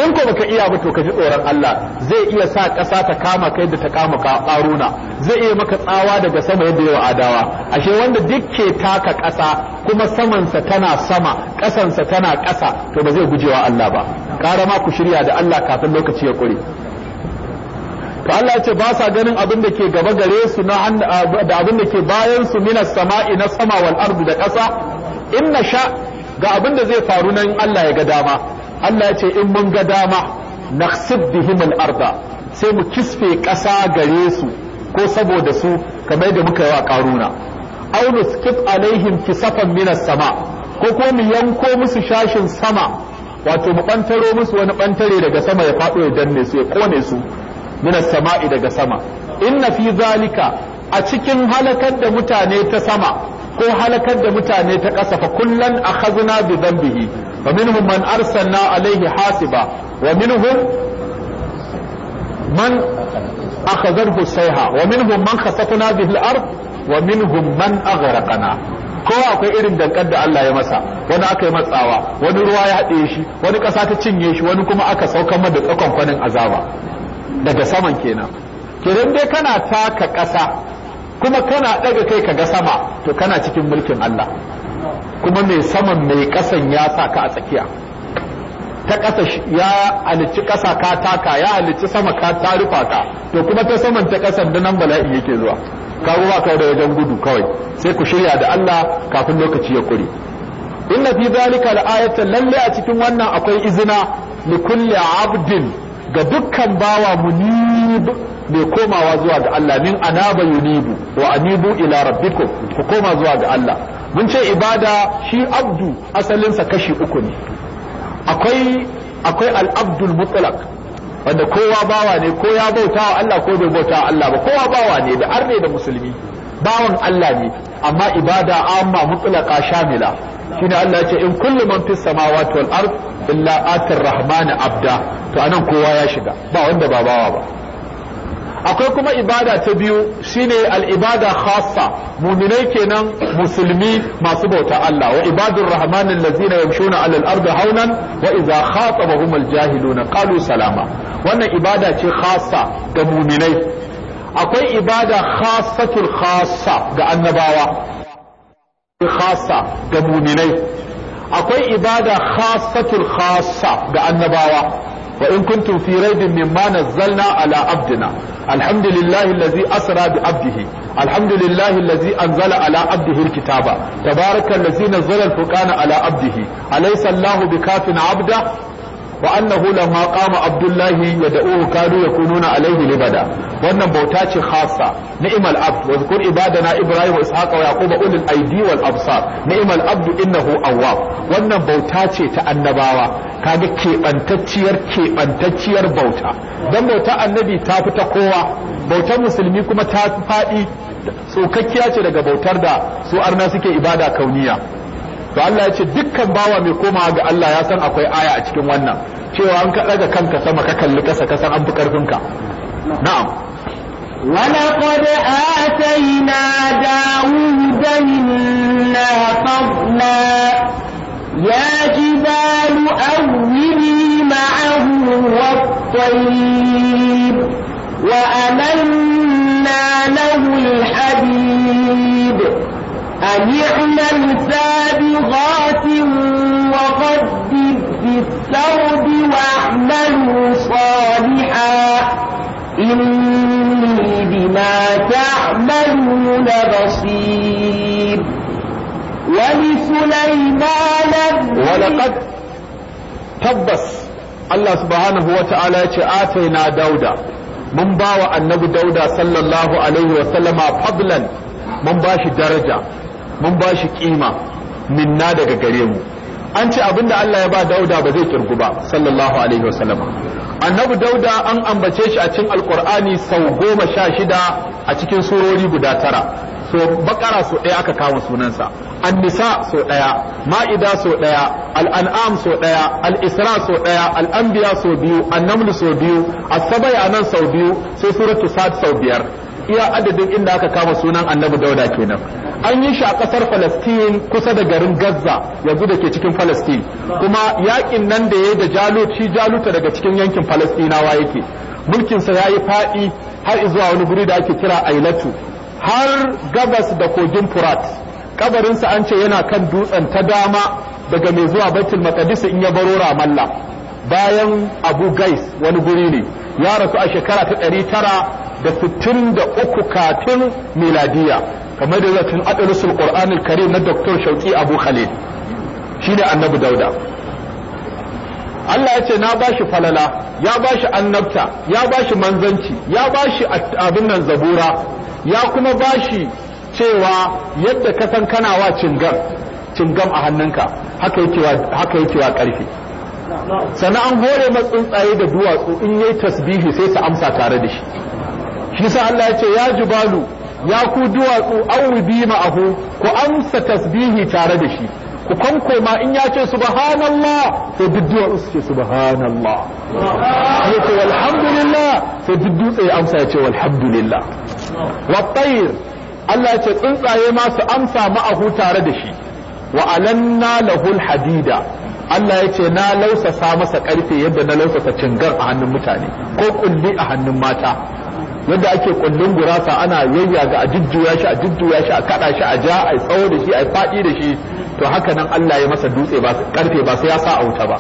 in ko baka iya ba to ka ji tsoron Allah zai iya sa ƙasa ta kama kai da ta kama ƙaruna zai iya maka tsawa daga sama yadda yawa adawa ashe wanda duk ke taka ƙasa kuma samansa tana sama ƙasansa tana ƙasa to ba zai gujewa Allah ba ƙara ma ku shirya da Allah kafin lokaci ya ƙure to Allah ya ce ba sa ganin abin da ke gaba gare su na da abin da ke bayan su minas sama'i na sama wal ardu da ƙasa in sha ga abin da zai faru nan Allah ya ga dama Allah ya ce in mun ga dama naqsib bihim al-arda sai mu kisfe ƙasa gare su ko saboda su kamar da muka yi wa ƙaruna aunus nusqit alaihim kisafan minas sama ko ko mu yanko musu shashin sama wato mu ɓantaro musu wani ɓantare daga sama ya faɗo ya danne su ya kone su minas sama'i daga sama inna fi zalika a cikin halakar da mutane ta sama ko halakar da mutane ta ƙasa fa kullan akhadna bi dhanbihi wa minhum man arsalna alaihi hasiba wa minhum man akhadathu sayha wa minhum man khasafna bihi al-ard wa minhum man aghraqna Ko akwai irin dankar da Allah ya masa wani aka yi matsawa wani ruwa ya haɗe shi wani ƙasa ta cinye shi wani kuma aka saukar mada tsakon kwanin azaba daga saman kenan kenan dai kana taka ƙasa kuma kana ɗaga kai ka ga sama to kana cikin mulkin Allah kuma mai saman mai ƙasan ya sa ka a tsakiya ta ƙasa ya halicci ƙasa ka taka ya halicci sama ka tarufa ka to kuma ta saman ta ƙasan da nan bala'i yake zuwa ka ruwa kawai da wajen gudu kawai sai ku shirya da Allah kafin lokaci ya kure inna fi zalika la'ayatan lalle a cikin wannan akwai izina li kulli abdin ga dukkan bawa munib mai komawa zuwa ga Allah min anaba yunibu wa anibu ila rabbikum ku koma zuwa ga Allah mun ce ibada shi abdu asalinsa kashi uku ne akwai akwai al-abdul mutlaq wanda kowa bawa ne ko ya bauta wa Allah ko bai bauta wa Allah ba kowa bawa ne da arne da musulmi bawan Allah ne amma ibada amma mutlaqa shamila shine Allah ya ce in kullu man fis samawati wal ard illa atir rahmani abda to anan kowa ya shiga ba wanda ba bawa ba akwai kuma ibada ta biyu shine al-ibada khassa muminai kenan musulmi masu bauta Allah wa rahmanin rahman allazina yamshuna 'alal ardi haunan wa idza khatabahum jahilu na qalu salama wannan ibada ce khassa ga muminai akwai ibada khassatul khassa ga annabawa khassa ga muminai akwai ibada khassatul khassa ga annabawa wa in kuntum fi raibin mimma nazzalna ala abdina alhamdulillahi allazi asra bi abdihi alhamdulillahi allazi anzala ala abdihi alkitaba tabaraka allazi nazzala alfurqana ala abdihi alaysa allahu bikafin abda wa annahu lamma qama abdullahi ya kanu yakununa alaihi libada wannan bauta ce khassa ni'mal abd wa zkur ibadana ibrahim wa ishaqa wa yaquba ulul aidi wal absar ni'mal abd innahu awwab wannan bauta ce ta annabawa kaga keɓantacciyar keɓantacciyar bauta dan bauta annabi ta fi ta kowa bautar musulmi kuma ta faɗi tsokakkiya ce daga bautar da su arna suke ibada kauniya to Allah ya ce dukkan bawa mai komawa ga Allah ya san akwai aya a cikin wannan cewa an ka daga kanka sama ka kalli kasa ka san an fi karfin ka na'am ولقد آتينا داود منا فضلا يا جبال أولي معه والطير وأمنا له الحديد أن اعمل سابغات وقدر في السرد واعملوا صالحا إني بما تعملون بصير ولسليمان ولقد تبس الله سبحانه وتعالى آتينا داودا من باوى النبي داودا صلى الله عليه وسلم فضلا من باش درجة mun ba shi kima minna daga gare mu an ce abinda Allah ya ba dauda ba zai kirgu ba sallallahu alaihi wasallam annabi dauda an ambace shi a cikin alkur'ani sau goma sha shida a cikin surori guda tara so bakara so ɗaya aka kama sunansa annisa so ɗaya ma'ida so ɗaya al'an'am so ɗaya al'isra so ɗaya al'anbiya so biyu annamlu so biyu asabai a nan sau biyu sai suratu sad sau biyar iya adadin inda aka kama sunan annabi dauda kenan an yi shi a kasar falastin kusa da garin Gaza yanzu da ke cikin falastin kuma yakin nan da ya da Jalut shi Jaluta daga cikin yankin falastinawa yake mulkinsa ya yi faɗi har zuwa wani guri da ake kira Ailatu har gabas da kogin Furat kabarinsa an ce yana kan dutsen ta dama daga mai zuwa Baitul Maqdis in ya baro ramalla bayan Abu Gais wani guri ne ya rasu a shekara ta ɗari tara da sittin da uku kafin miladiya kamar da zatin adalusul qur'anul karim na dr shauki abu khalid ne annabi dauda Allah ya ce na bashi falala ya bashi annabta ya bashi manzanci ya bashi abin nan zabura ya kuma bashi cewa yadda ka san kana wa cingam cingam a hannunka haka yake wa karfi sannan an hore tsuntsaye da duwatsu in yi tasbihi sai su amsa tare da shi shi sa Allah ya ce ya jubalu ya ku duwatsu an bi ma'ahu ku amsa tasbihi tare da shi ku kwankoma in ya ce subhanallah sai duk duwatsu su ce subhanallah ya ce walhamdulillah sai duk tsaye amsa ya ce walhamdulillah wattayir Allah ya ce tsuntsaye ma su amsa ma'ahu tare da shi wa alanna lahul hadida Allah ya ce na lausasa masa karfe yadda na lausasa cingar a hannun mutane ko kulli a hannun mata yadda ake kullun gurasa ana yayya a jujjuya shi a jujjuya shi a kada shi a ja a tsawo da shi a faɗi da shi to haka nan Allah ya masa dutse ba karfe ba sai ya sa auta ba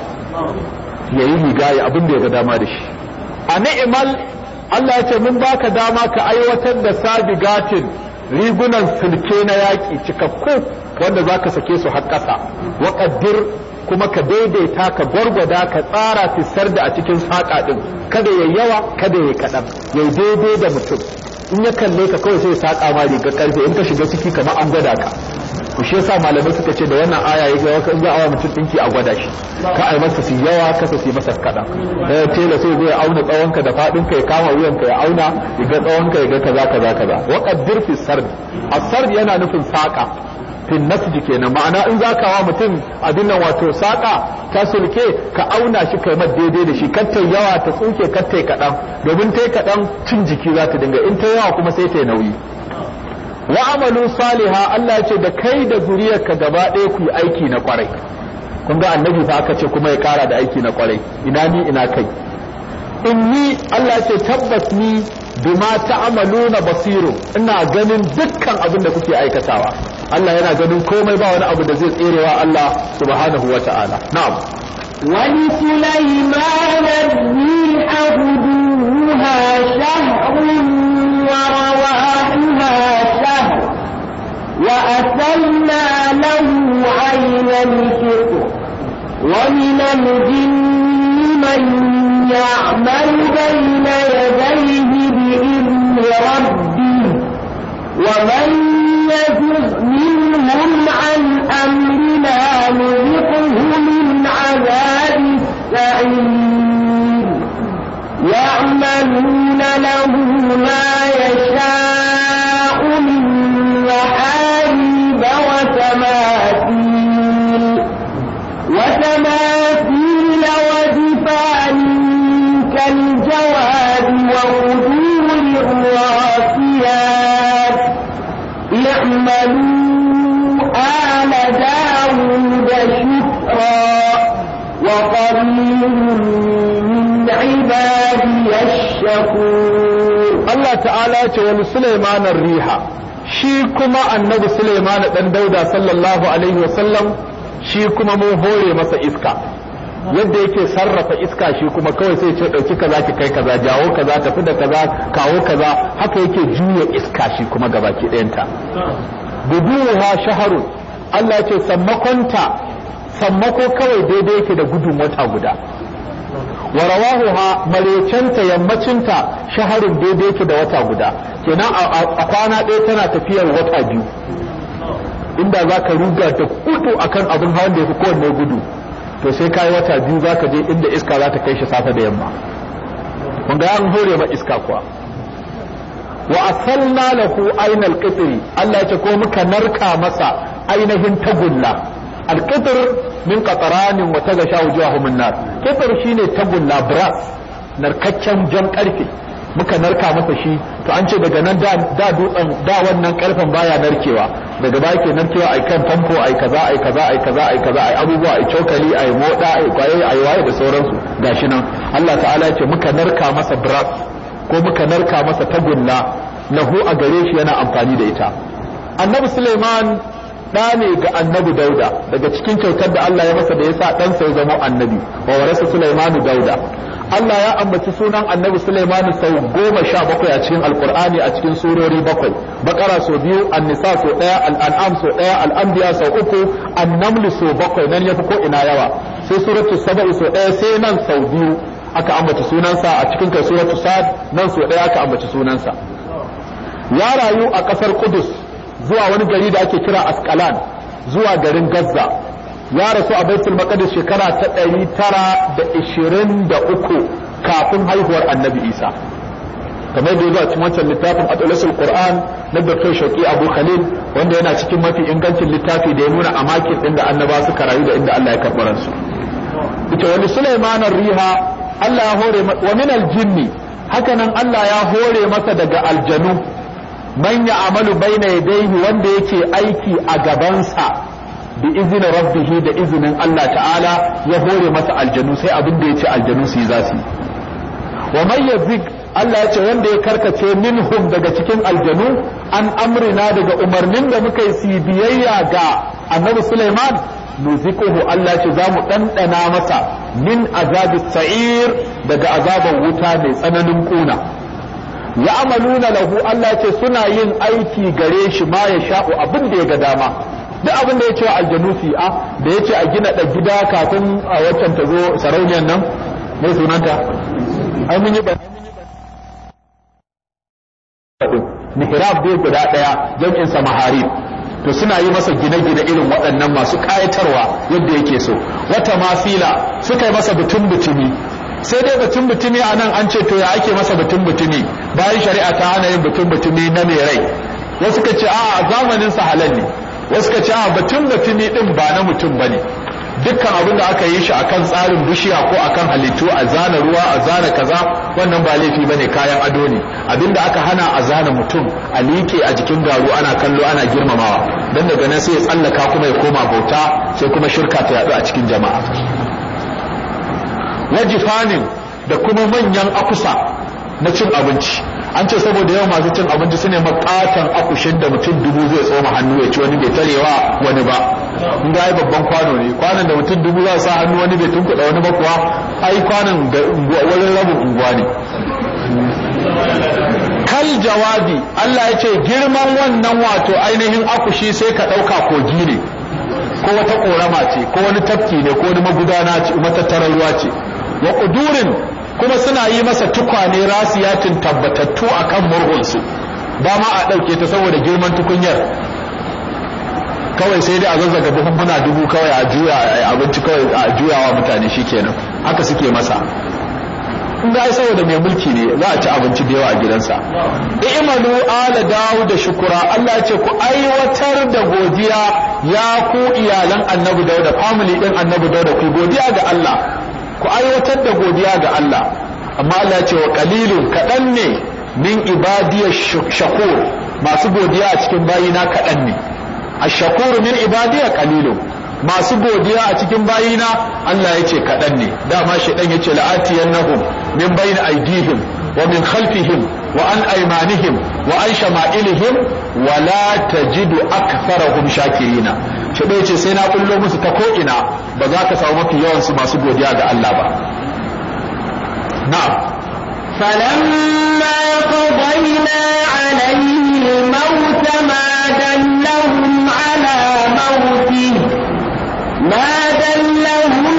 yayi riga ya abin da ya ga dama da shi a ni'mal Allah ya ce mun baka dama ka aiwatar da sabigatin rigunan silke na yaki cikakku wanda zaka sake su har ƙasa wa qaddir kuma ka daidaita ka gwargwada ka tsara fisar da a cikin saƙa ɗin kada ya yawa kada ya kaɗan ya daidai da mutum in ya kalle ka kawai sai saƙa ma riga ƙarfe in ka shiga ciki kamar an gwada ka ku shi yasa malamai suka ce da wannan aya ya ga wakan za a mutum ɗinki a gwada shi ka ai masa su yawa kasa su masa kaɗan eh tela sai zai auna tsawon ka da faɗin ka ya kama wuyan ka ya auna ya ga tsawon ka ya ga kaza kaza kaza wa birki fi a yana nufin saƙa fin nasji kenan ma'ana in za wa mutum abin nan wato saƙa ta sulke ka auna shi kai mai daidai da shi kattai yawa ta tsuke kattai kaɗan. domin tai kaɗan cin jiki za ta dinga in ta yawa kuma sai ta nauyi wa amalu saliha Allah ya ce da kai da ka gaba ɗaya ku yi aiki na kwarai kun ga annabi fa aka ce kuma ya kara da aiki na kwarai ina ni ina kai In ni Allah ce tabbas ni bima ta'maluna basiru ina ganin dukkan abin da kuke aikatawa Allah yana ganin komai ba wani abu da zai tserewa Allah subhanahu wa ta'ala na'am wani sulaiman ar-riha huduha shahrun wa rawahuha shahr wa asalna lahu 'ayna al-kitr wa min al-jinni man ya'mal bayna yadayhi bi idni rabbih ومن يجز عن أمرنا نذقه من عذاب السعير يعملون له ما يشاء من محاريب وتماثيل وتماثيل ودفان كالجواد وقدور الراسيات يعملون داود شكرا وقليل من عبادي الشكور الله تعالى يقول سليمان الريحة shi kuma annabi Suleiman dan Dauda sallallahu alaihi wasallam shi kuma mun hore masa iska yadda yake sarrafa iska shi kuma kawai sai ce dauki kaza ki kai kaza jawo kaza tafi da kaza kawo kaza haka yake juya iska shi kuma gabaki ɗayanta guduwa shaharun Allah ce sammakonta sammako kawai daidai yake da gudun wata guda wa ha, marecenta yammacinta shaharin daidai yake da wata guda kenan a kwana ɗaya tana tafiyar wata biyu inda za ka ruga da kudu akan abin hawan da ya fi kowanne gudu to sai kayi wata biyu za ka je inda iska za ta kai shi safe da yamma Mun ga an hore ma iska kuwa wa asalna lahu ainal qitri Allah ce ko muka narka masa ainihin tagulla alqitr min qataranin wa tagasha wujuhahum annar shi shine tagulla brass narkaccen jan ƙarfe. muka narka masa shi to an ce daga nan da dutsen da wannan karfen baya narkewa daga baya ke narkewa ai kan famfo ai kaza ai kaza ai kaza ai kaza ai abubuwa ai cokali ai moda ai kwaye ai waye da sauransu gashi nan Allah ta'ala ya ce muka narka masa brass ko muka narka masa tagulla lahu a gare shi yana amfani da ita annabi suleiman ɗa ne ga annabi dauda daga cikin kyautar da Allah ya masa da ya sa ɗansa ya zama annabi wa warasa sulaimanu dauda Allah ya ambaci sunan annabi sulaimanu sau goma sha bakwai a cikin alkur'ani a cikin surori bakwai bakara sau biyu annisa sau ɗaya al'an'am sau ɗaya al'anbiya sau uku annamlu sau bakwai nan ya fi ko ina yawa sai suratu saba'i sau ɗaya sai nan sau biyu aka ambaci sunansa a cikin kai suratu sad nan su ɗaya aka ambaci sunansa ya rayu a ƙasar kudus zuwa wani gari da ake kira askalan zuwa garin gaza ya rasu a baitul maqdis shekara ta ɗari tara da ishirin da uku kafin haihuwar annabi isa kamar da a cikin wancan littafin atlasul qur'an na dr shauki abu khalil wanda yana cikin mafi ingancin littafi da ya nuna a amakin inda annaba suka rayu da inda allah ya karɓi ita wani sulaiman riha Allah ya hore wa min aljinni haka nan Allah ya hore masa daga aljanu man ya amalu baina yadayhi wanda yake aiki a gabansa bi izinin rabbihi da izinin Allah ta'ala ya hore masa aljanu sai abin da yace aljanu su yi zasu wa man yazik Allah ya ce wanda ya karkace minhum daga cikin aljanu an amrina daga umarnin da muka yi su biyayya ga annabi Sulaiman nuziquhu Allah ce za mu ɗanɗana masa min azabis sa'ir daga azaban wuta mai tsananin kuna. ya amaluna lahu Allah ce suna yin aiki gare shi ma ya sha'u abin da ya ga dama duk abin da ya ce aljanu a ah, da ya ce a gina da gida kafin a waccan ta zo sarauniyar nan mai sunanta ai mun yi ba mihrab dai guda daya jami'in sa maharib to suna yi masa gine-gine irin waɗannan masu kayatarwa yadda yake so wata ma fila, suka yi masa batun butumi sai dai batun butumi a nan an ce to ya ake masa batun butumi bayan shari'a ta hana yin batun butumi na mai rai wasu ka ce a zamanin sa ne wasu ka ce a batun butumi din ba na mutum ba ne dukkan abin da aka yi shi akan tsarin bishiya ko akan halittu a zana ruwa a zana kaza wannan ba laifi bane kayan ado ne abin da aka hana a zana mutum a like a jikin garu ana kallo ana girmamawa don daga nan sai ya tsallaka kuma ya koma bauta sai kuma shirka ta yaɗu a cikin jama'a wajifanin da kuma manyan akusa na cin abinci an ce saboda yau masu cin abinci su ne makatan akushin da mutum dubu zai tsoma hannu ya ci wani bai tarewa wani ba in ga babban kwano ne kwanan da mutum dubu za sa hannu wani bai tunkuɗa wani ba kuwa ai kwanan wurin rabin unguwa ne kal jawabi Allah ya ce girman wannan wato ainihin akushi sai ka ɗauka kogi ne ko wata ƙorama ce ko wani tafki ne ko wani magudana ce matattarar ruwa ce wa ƙudurin kuma suna yi masa tukwane rasiyatin tabbatattu a kan murhunsu ba ma a ɗauke ta saboda girman tukunyar kawai sai dai a zazzaga buhunhuna dubu kawai a juya abinci kawai a juyawa mutane shikenan haka suke masa in ga saboda mai mulki ne za a ci abinci da yawa a gidansa imanu ala dawo da shukura Allah ya ce ku aiwatar da godiya ya ku iyalan annabi dauda family din annabi dauda ku godiya ga Allah ku aiwatar da godiya ga Allah amma Allah ce wa kalilun kaɗan ne min ibadiyar shakur masu godiya a cikin bayina kaɗan ne a shakur min ibadiyar kalilun masu godiya a cikin bayina Allah ya ce kaɗan ne dama shi ɗan ya ce la'atiyan nahum min bayin aidihim ومن خلفهم وعن أيمانهم وعن شمائلهم ولا تجد أكثرهم شاكرين شبيه سينا قل له مسو تكوئنا بذاك سومك يوم سما سبو دياغ اللابا نعم فلما قضينا عليه الموت ما دلهم على موته ما دلهم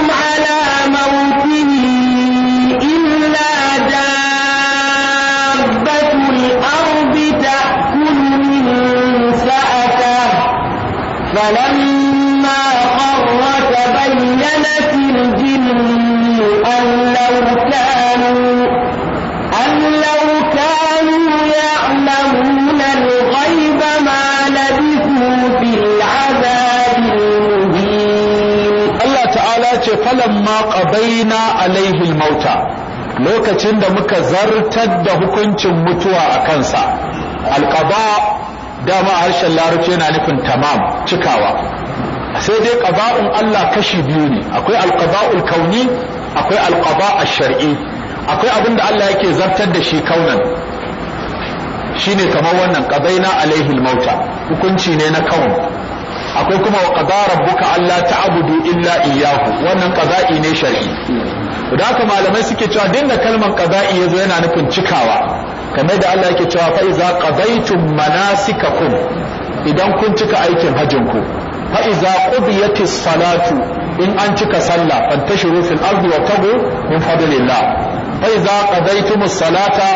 فلما خر تبينت الجن أن لو كانوا أن لو كانوا يعلمون الغيب ما لبثوا في العذاب المهين الله تعالى فلما قضينا عليه الموتى lokacin da muka zartar da hukuncin mutuwa a kansa alƙaba dama harshen larabci yana nufin tamam cikawa sai dai qada'un Allah kashi biyu ne akwai alqada'ul kauni akwai a shari'i. akwai abin da Allah yake zartar da shi kaunan shine kamar wannan qadaina alaihi mauta hukunci ne na kaun akwai kuma wa qada rabbuka alla ta'budu illa iyyahu wannan qada'i ne shar'i da haka malamai suke cewa dinga kalmar qada'i yazo yana nufin cikawa kamar da Allah yake cewa fa iza qadaytum manasikakum idan kun cika aikin hajjin ku fa iza qudiyatis salatu in an cika sallah fantashiru fil ardi wabtagu min fadlillah fa iza qadaytumus salata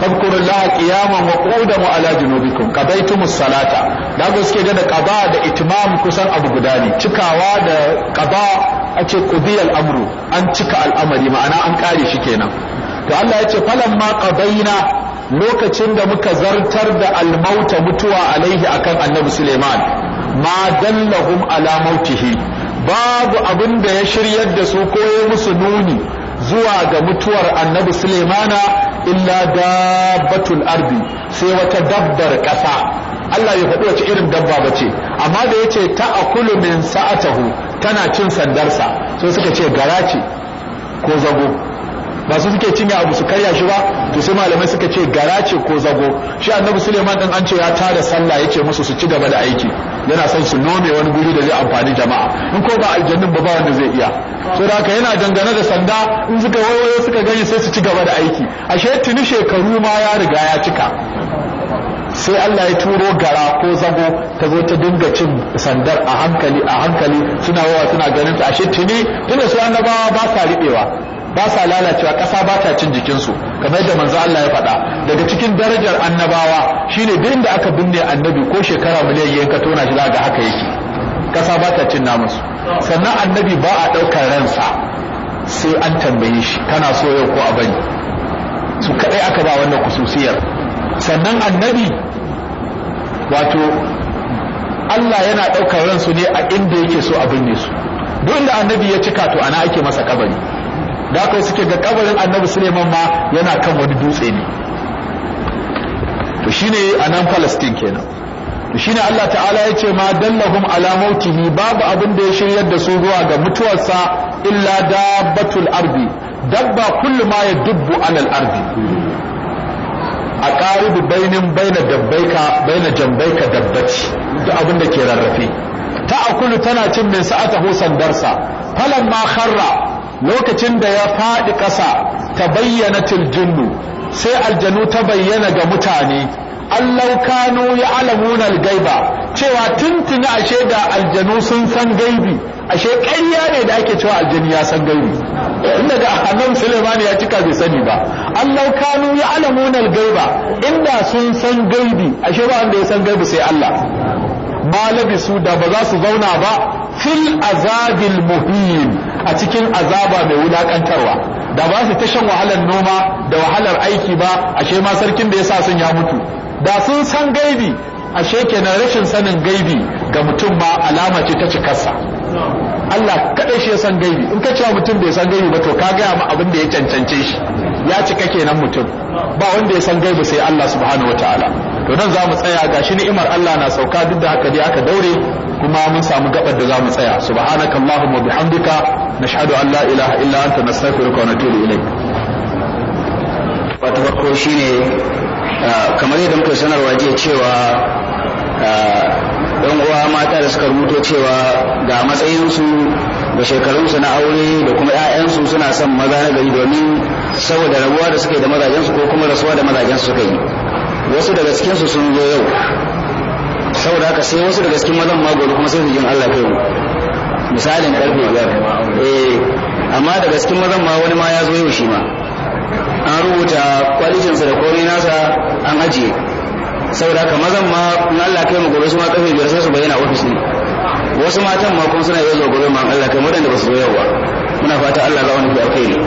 fadkuru Allah qiyaman wa qu'udan wa ala junubikum qadaytumus salata da ga suke da qada da itmam kusan abu guda ne cikawa da qada a ce qudiyal amru an cika al'amari ma'ana an kare shi kenan to Allah ya ce falamma qadaina lokacin da muka zartar da almauta mutuwa alaihi akan annabi Suleiman ma dallahum ala mautihi babu abin da ya shiryar da su ya musu nuni zuwa ga mutuwar annabi Suleimana illa da batul ardi sai wata dabbar ƙasa Allah ya faɗi wace irin dabba ba ce amma da yace ce ta akulu min sa'atahu tana cin sandarsa sai suka ce gara ce ko zago Masu suke cinye abu su karya shi ba to sai malamai suka ce gara ce ko zago shi annabi suleiman din an ce ya tada sallah yace musu su ci gaba da aiki yana son su nome wani guri da zai amfani jama'a in ko ba aljannin ba ba wanda zai iya so haka yana dangane da sanda in suka wayoyo suka gani sai su ci gaba da aiki ashe tuni shekaru ma ya riga ya cika sai Allah ya turo gara ko zago ta zo ta dinga cin sandar a hankali a hankali suna wawa suna ganin ta ashe tuni tunda su annabawa ba sa riɓewa ba sa lalacewa ƙasa ba ta cin jikinsu kamar yadda manzo Allah ya faɗa daga cikin darajar annabawa shine duk inda aka binne annabi ko shekara miliyan yayin ka tona shi za ga haka yake ƙasa ba ta cin namansu sannan annabi ba a ɗaukar ransa sai an tambaye shi kana so yau ko abin su kaɗai aka ba wannan kususiyar sannan annabi wato Allah yana ɗaukar ransu ne a inda yake so a binne su duk inda annabi ya cika to ana ake masa kabari da haka suke ga kabarin annabi suleiman ma yana kan wani dutse ne to shine a nan palestine kenan to shine allah ta'ala ya ce ma dallahum ala mautihi babu abin da ya shiryar da su zuwa ga mutuwarsa illa dabbatul ardi dabba kullu ma yadubbu alal ardi a qaribu bainin baina dabbaika baina jambaika dabbaci da abin da ke rarrafe ta akulu tana cin min sa'ata husan darsa falan ma kharra lokacin da ya faɗi ƙasa ta bayyana tiljinnu sai aljanu ta bayyana ga mutane allaukanu ya alamunar gaiba cewa tuntuni ashe da aljanu sun san gaibi ashe ƙarya ne da ake cewa aljanu ya san gaibi inda ga hannun suleiman ya cika bai sani ba allaukanu ya alamunar gaiba inda sun san gaibi ashe ba wanda ya san gaibi sai allah ma labisu da ba za su zauna ba fil azabil muhim a cikin azaba mai wulakantarwa da ba su ta wahalar noma da wahalar aiki ba ashe ma sarkin da ya sa sun ya mutu da sun san gaibi ashe kenan rashin sanin gaibi ga mutum ma alama ce ta cikarsa Allah kaɗai shi ya san gaibi in ka cewa mutum bai san gaibi ba to ka gaya ma abin da ya cancance shi ya cika kenan mutum ba wanda ya san gaibi sai Allah subhanahu wataala to nan za mu tsaya ga shi ni'imar Allah na sauka duk da haka dai aka daure kuma mun samu gabar da za mu tsaya subhanaka allahumma bihamdika nashhadu an la ilaha illa anta nastaghfiruka wa natubu ilayk wata farko shine uh, kamar yadda muka sanarwa jiya cewa dan uh, uwa mata da suka rubuto cewa ga matsayinsu da shekarunsu na aure da kuma 'ya'yansu suna son maza na gari domin saboda rabuwa da suke da mazajensu ko kuma rasuwa da mazajensu suka yi wasu daga cikin su sun zo yau saboda haka sai wasu daga cikin mazan magoro kuma sai su jin Allah kai misalin karfe biyar eh amma daga cikin mazan ma wani ma ya zo yau shi ma an rubuta sa da komai nasa an ajiye saboda haka mazan ma in Allah kai mu gobe su ma karfe biyar sai su bayyana ofis ne wasu matan ma kuma suna iya zo gobe ma Allah kai mu da ba su zo yau ba muna fata Allah za wani fi alkhairi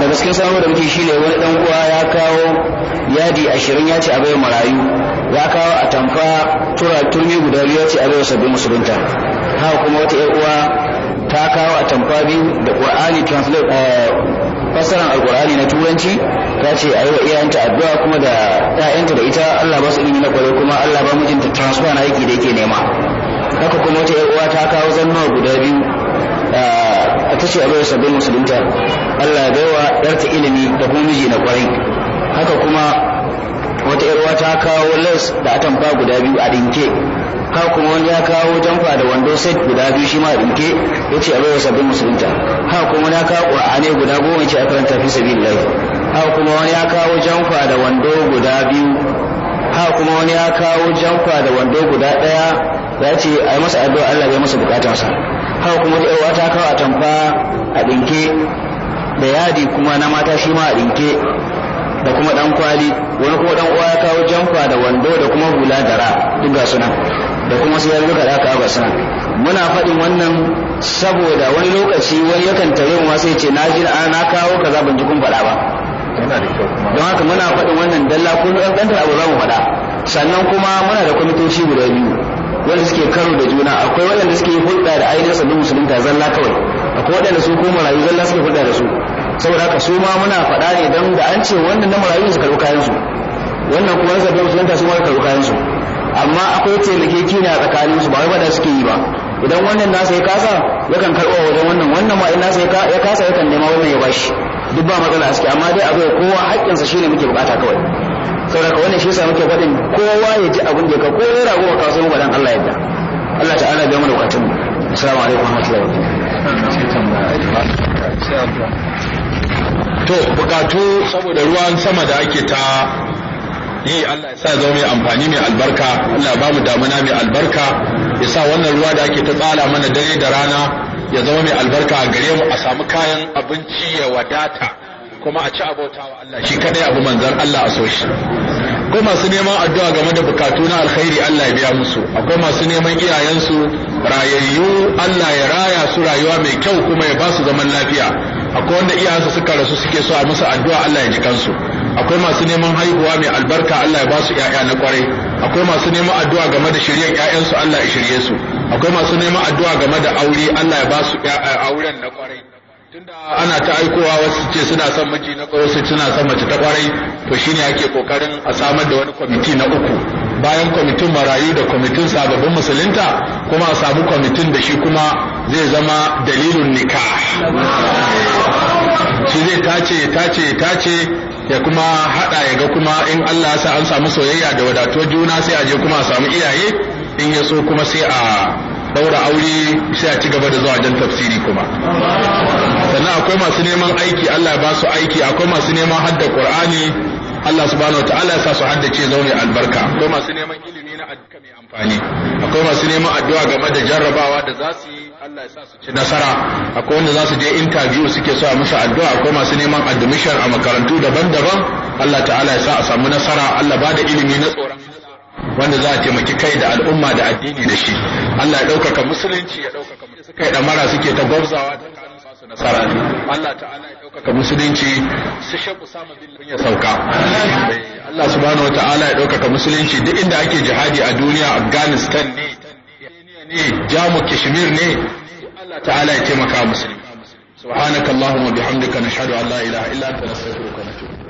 da gaske samu da muke shine wani dan uwa ya kawo yadi ashirin ya ce a baiwa marayu ya kawo a tamfa tura turmi guda biyu ya ce a baiwa sabbin musulunta haka kuma wata yar uwa ta kawo a tamfa biyu da qur'ani translate eh, fassaran alqur'ani na turanci ta ce a yi wa iyayenta addu'a kuma da ƴaƴanta da ita Allah ba su ilimi na kwarai kuma Allah ba mijinta transfer na aiki da yake nema haka kuma wata yar uwa ta kawo zannuwa guda biyu ta ce abai sabbin musulunta Allah ya wa yarta ilimi da kuma miji na kwarai haka kuma wata yarwa ta kawo les da atamfa guda biyu a dinke haka kuma wani ya kawo jamfa da wando set guda biyu shi ma a dinke ya ce abai sabbin musulunta haka kuma ya kawo ƙwa'ane guda goma ce a karanta fi sabi haka kuma wani ya kawo jamfa da wando guda biyu haka kuma wani ya kawo jamfa da wando guda ɗaya ya ce a yi masa addu'a Allah ya masa bukatarsa haka kuma da yawa ta kawo tamfa a ɗinke da yadi kuma na mata shi ma a ɗinke da kuma ɗan kwali wani kuma ɗan uwa ya kawo jamfa da wando da kuma hula da ra duk ga suna da kuma sai zuka da aka ga suna muna faɗin wannan saboda wani lokaci wani yakan tare mu sai ce na ji na kawo kaza ban ji kun faɗa ba don haka muna faɗin wannan dalla ko ɗan abu za mu faɗa sannan kuma muna da kwamitoci guda biyu wanda suke karo da juna akwai wanda suke hulɗa da ainihin sabbin musulunta zalla kawai akwai waɗanda su ko marayu zalla suke hulɗa da su saboda haka su ma muna faɗa ne don da an ce wannan na marayu su karɓi kayansu wannan kuma na sabbin musulunta su ma karɓi kayansu amma akwai taimake ne a tsakanin su ba wai da suke yi ba idan wannan nasa ya kasa yakan karɓa wajen wannan wannan ma in nasa ya kasa yakan nema wannan ya bashi duk ba matsala a ciki amma dai a kowa haƙƙinsa shine muke bukata kawai sauraka wannan shi yasa muke faɗin kowa ya ji abin da ka ko ya rago ka so mu dan Allah ya da Allah ta'ala ya assalamu alaikum wa rahmatullahi wa to bukatu saboda ruwan sama da ake ta yi Allah ya sa mai amfani mai albarka Allah ya bamu damuna mai albarka ya sa wannan ruwa da ake ta tsala mana dare da rana ya zama mai albarka a gare mu a samu kayan abinci ya wadata kuma a ci abota wa Allah shi kadai abu manzan Allah a so shi akwai masu neman addu'a game da bukatu na alkhairi Allah ya biya musu akwai masu neman iyayensu rayayyu Allah ya raya su rayuwa mai kyau kuma ya ba su zaman lafiya akwai wanda iyayensu suka rasu suke so a musu addu'a Allah ya ji kansu akwai masu neman haihuwa mai albarka Allah ya ba su ƴaƴa na kwarai akwai masu neman addu'a game da shiryen ƴaƴansu Allah ya shirye su akwai masu neman addu'a game da aure Allah ya ba su auren na kwarai ana ta aikowa wasu ce suna son miji na ƙwaro sai suna son mace ta ƙwarai to shine ake kokarin a samar da wani kwamiti na uku bayan kwamitin marayu da kwamitin sababbin musulunta kuma a samu kwamitin da shi kuma zai zama dalilin nika shi zai tace tace tace ya kuma hada ya ga kuma in Allah ya sa an samu soyayya da wadatuwar juna sai a je kuma a samu iyaye in ya so kuma sai a daura aure sai a ci gaba da zuwa don tafsiri kuma sannan akwai masu neman aiki Allah ba su aiki akwai masu neman hadda Qur'ani Allah subhanahu ta'ala ya sa su haddace zaune albarka akwai masu neman ilimi na addu'a mai amfani akwai masu neman addu'a game da jarrabawa da za su yi Allah ya sa su ci nasara akwai wanda za su je interview suke so a musu addu'a akwai masu neman admission a makarantu daban-daban Allah ta'ala ya sa a samu nasara Allah ba da ilimi na tsoron wanda za a taimaki kai da al'umma da addini da shi Allah ya ɗaukaka musulunci ya ɗaukaka musulunci suka yi ɗamara suke ta gwabzawa ta su nasara Allah ta'ala ya ɗaukaka musulunci su shabu samu bin ya sauka Allah subhanahu wa ta'ala ya ɗaukaka musulunci duk inda ake jihadi a duniya Afghanistan ne ne Jamu Kashmir ne Allah ta'ala ya taimaka musulunci subhanakallahumma bihamdika nashhadu an la ilaha illa anta nastaghfiruka wa natubu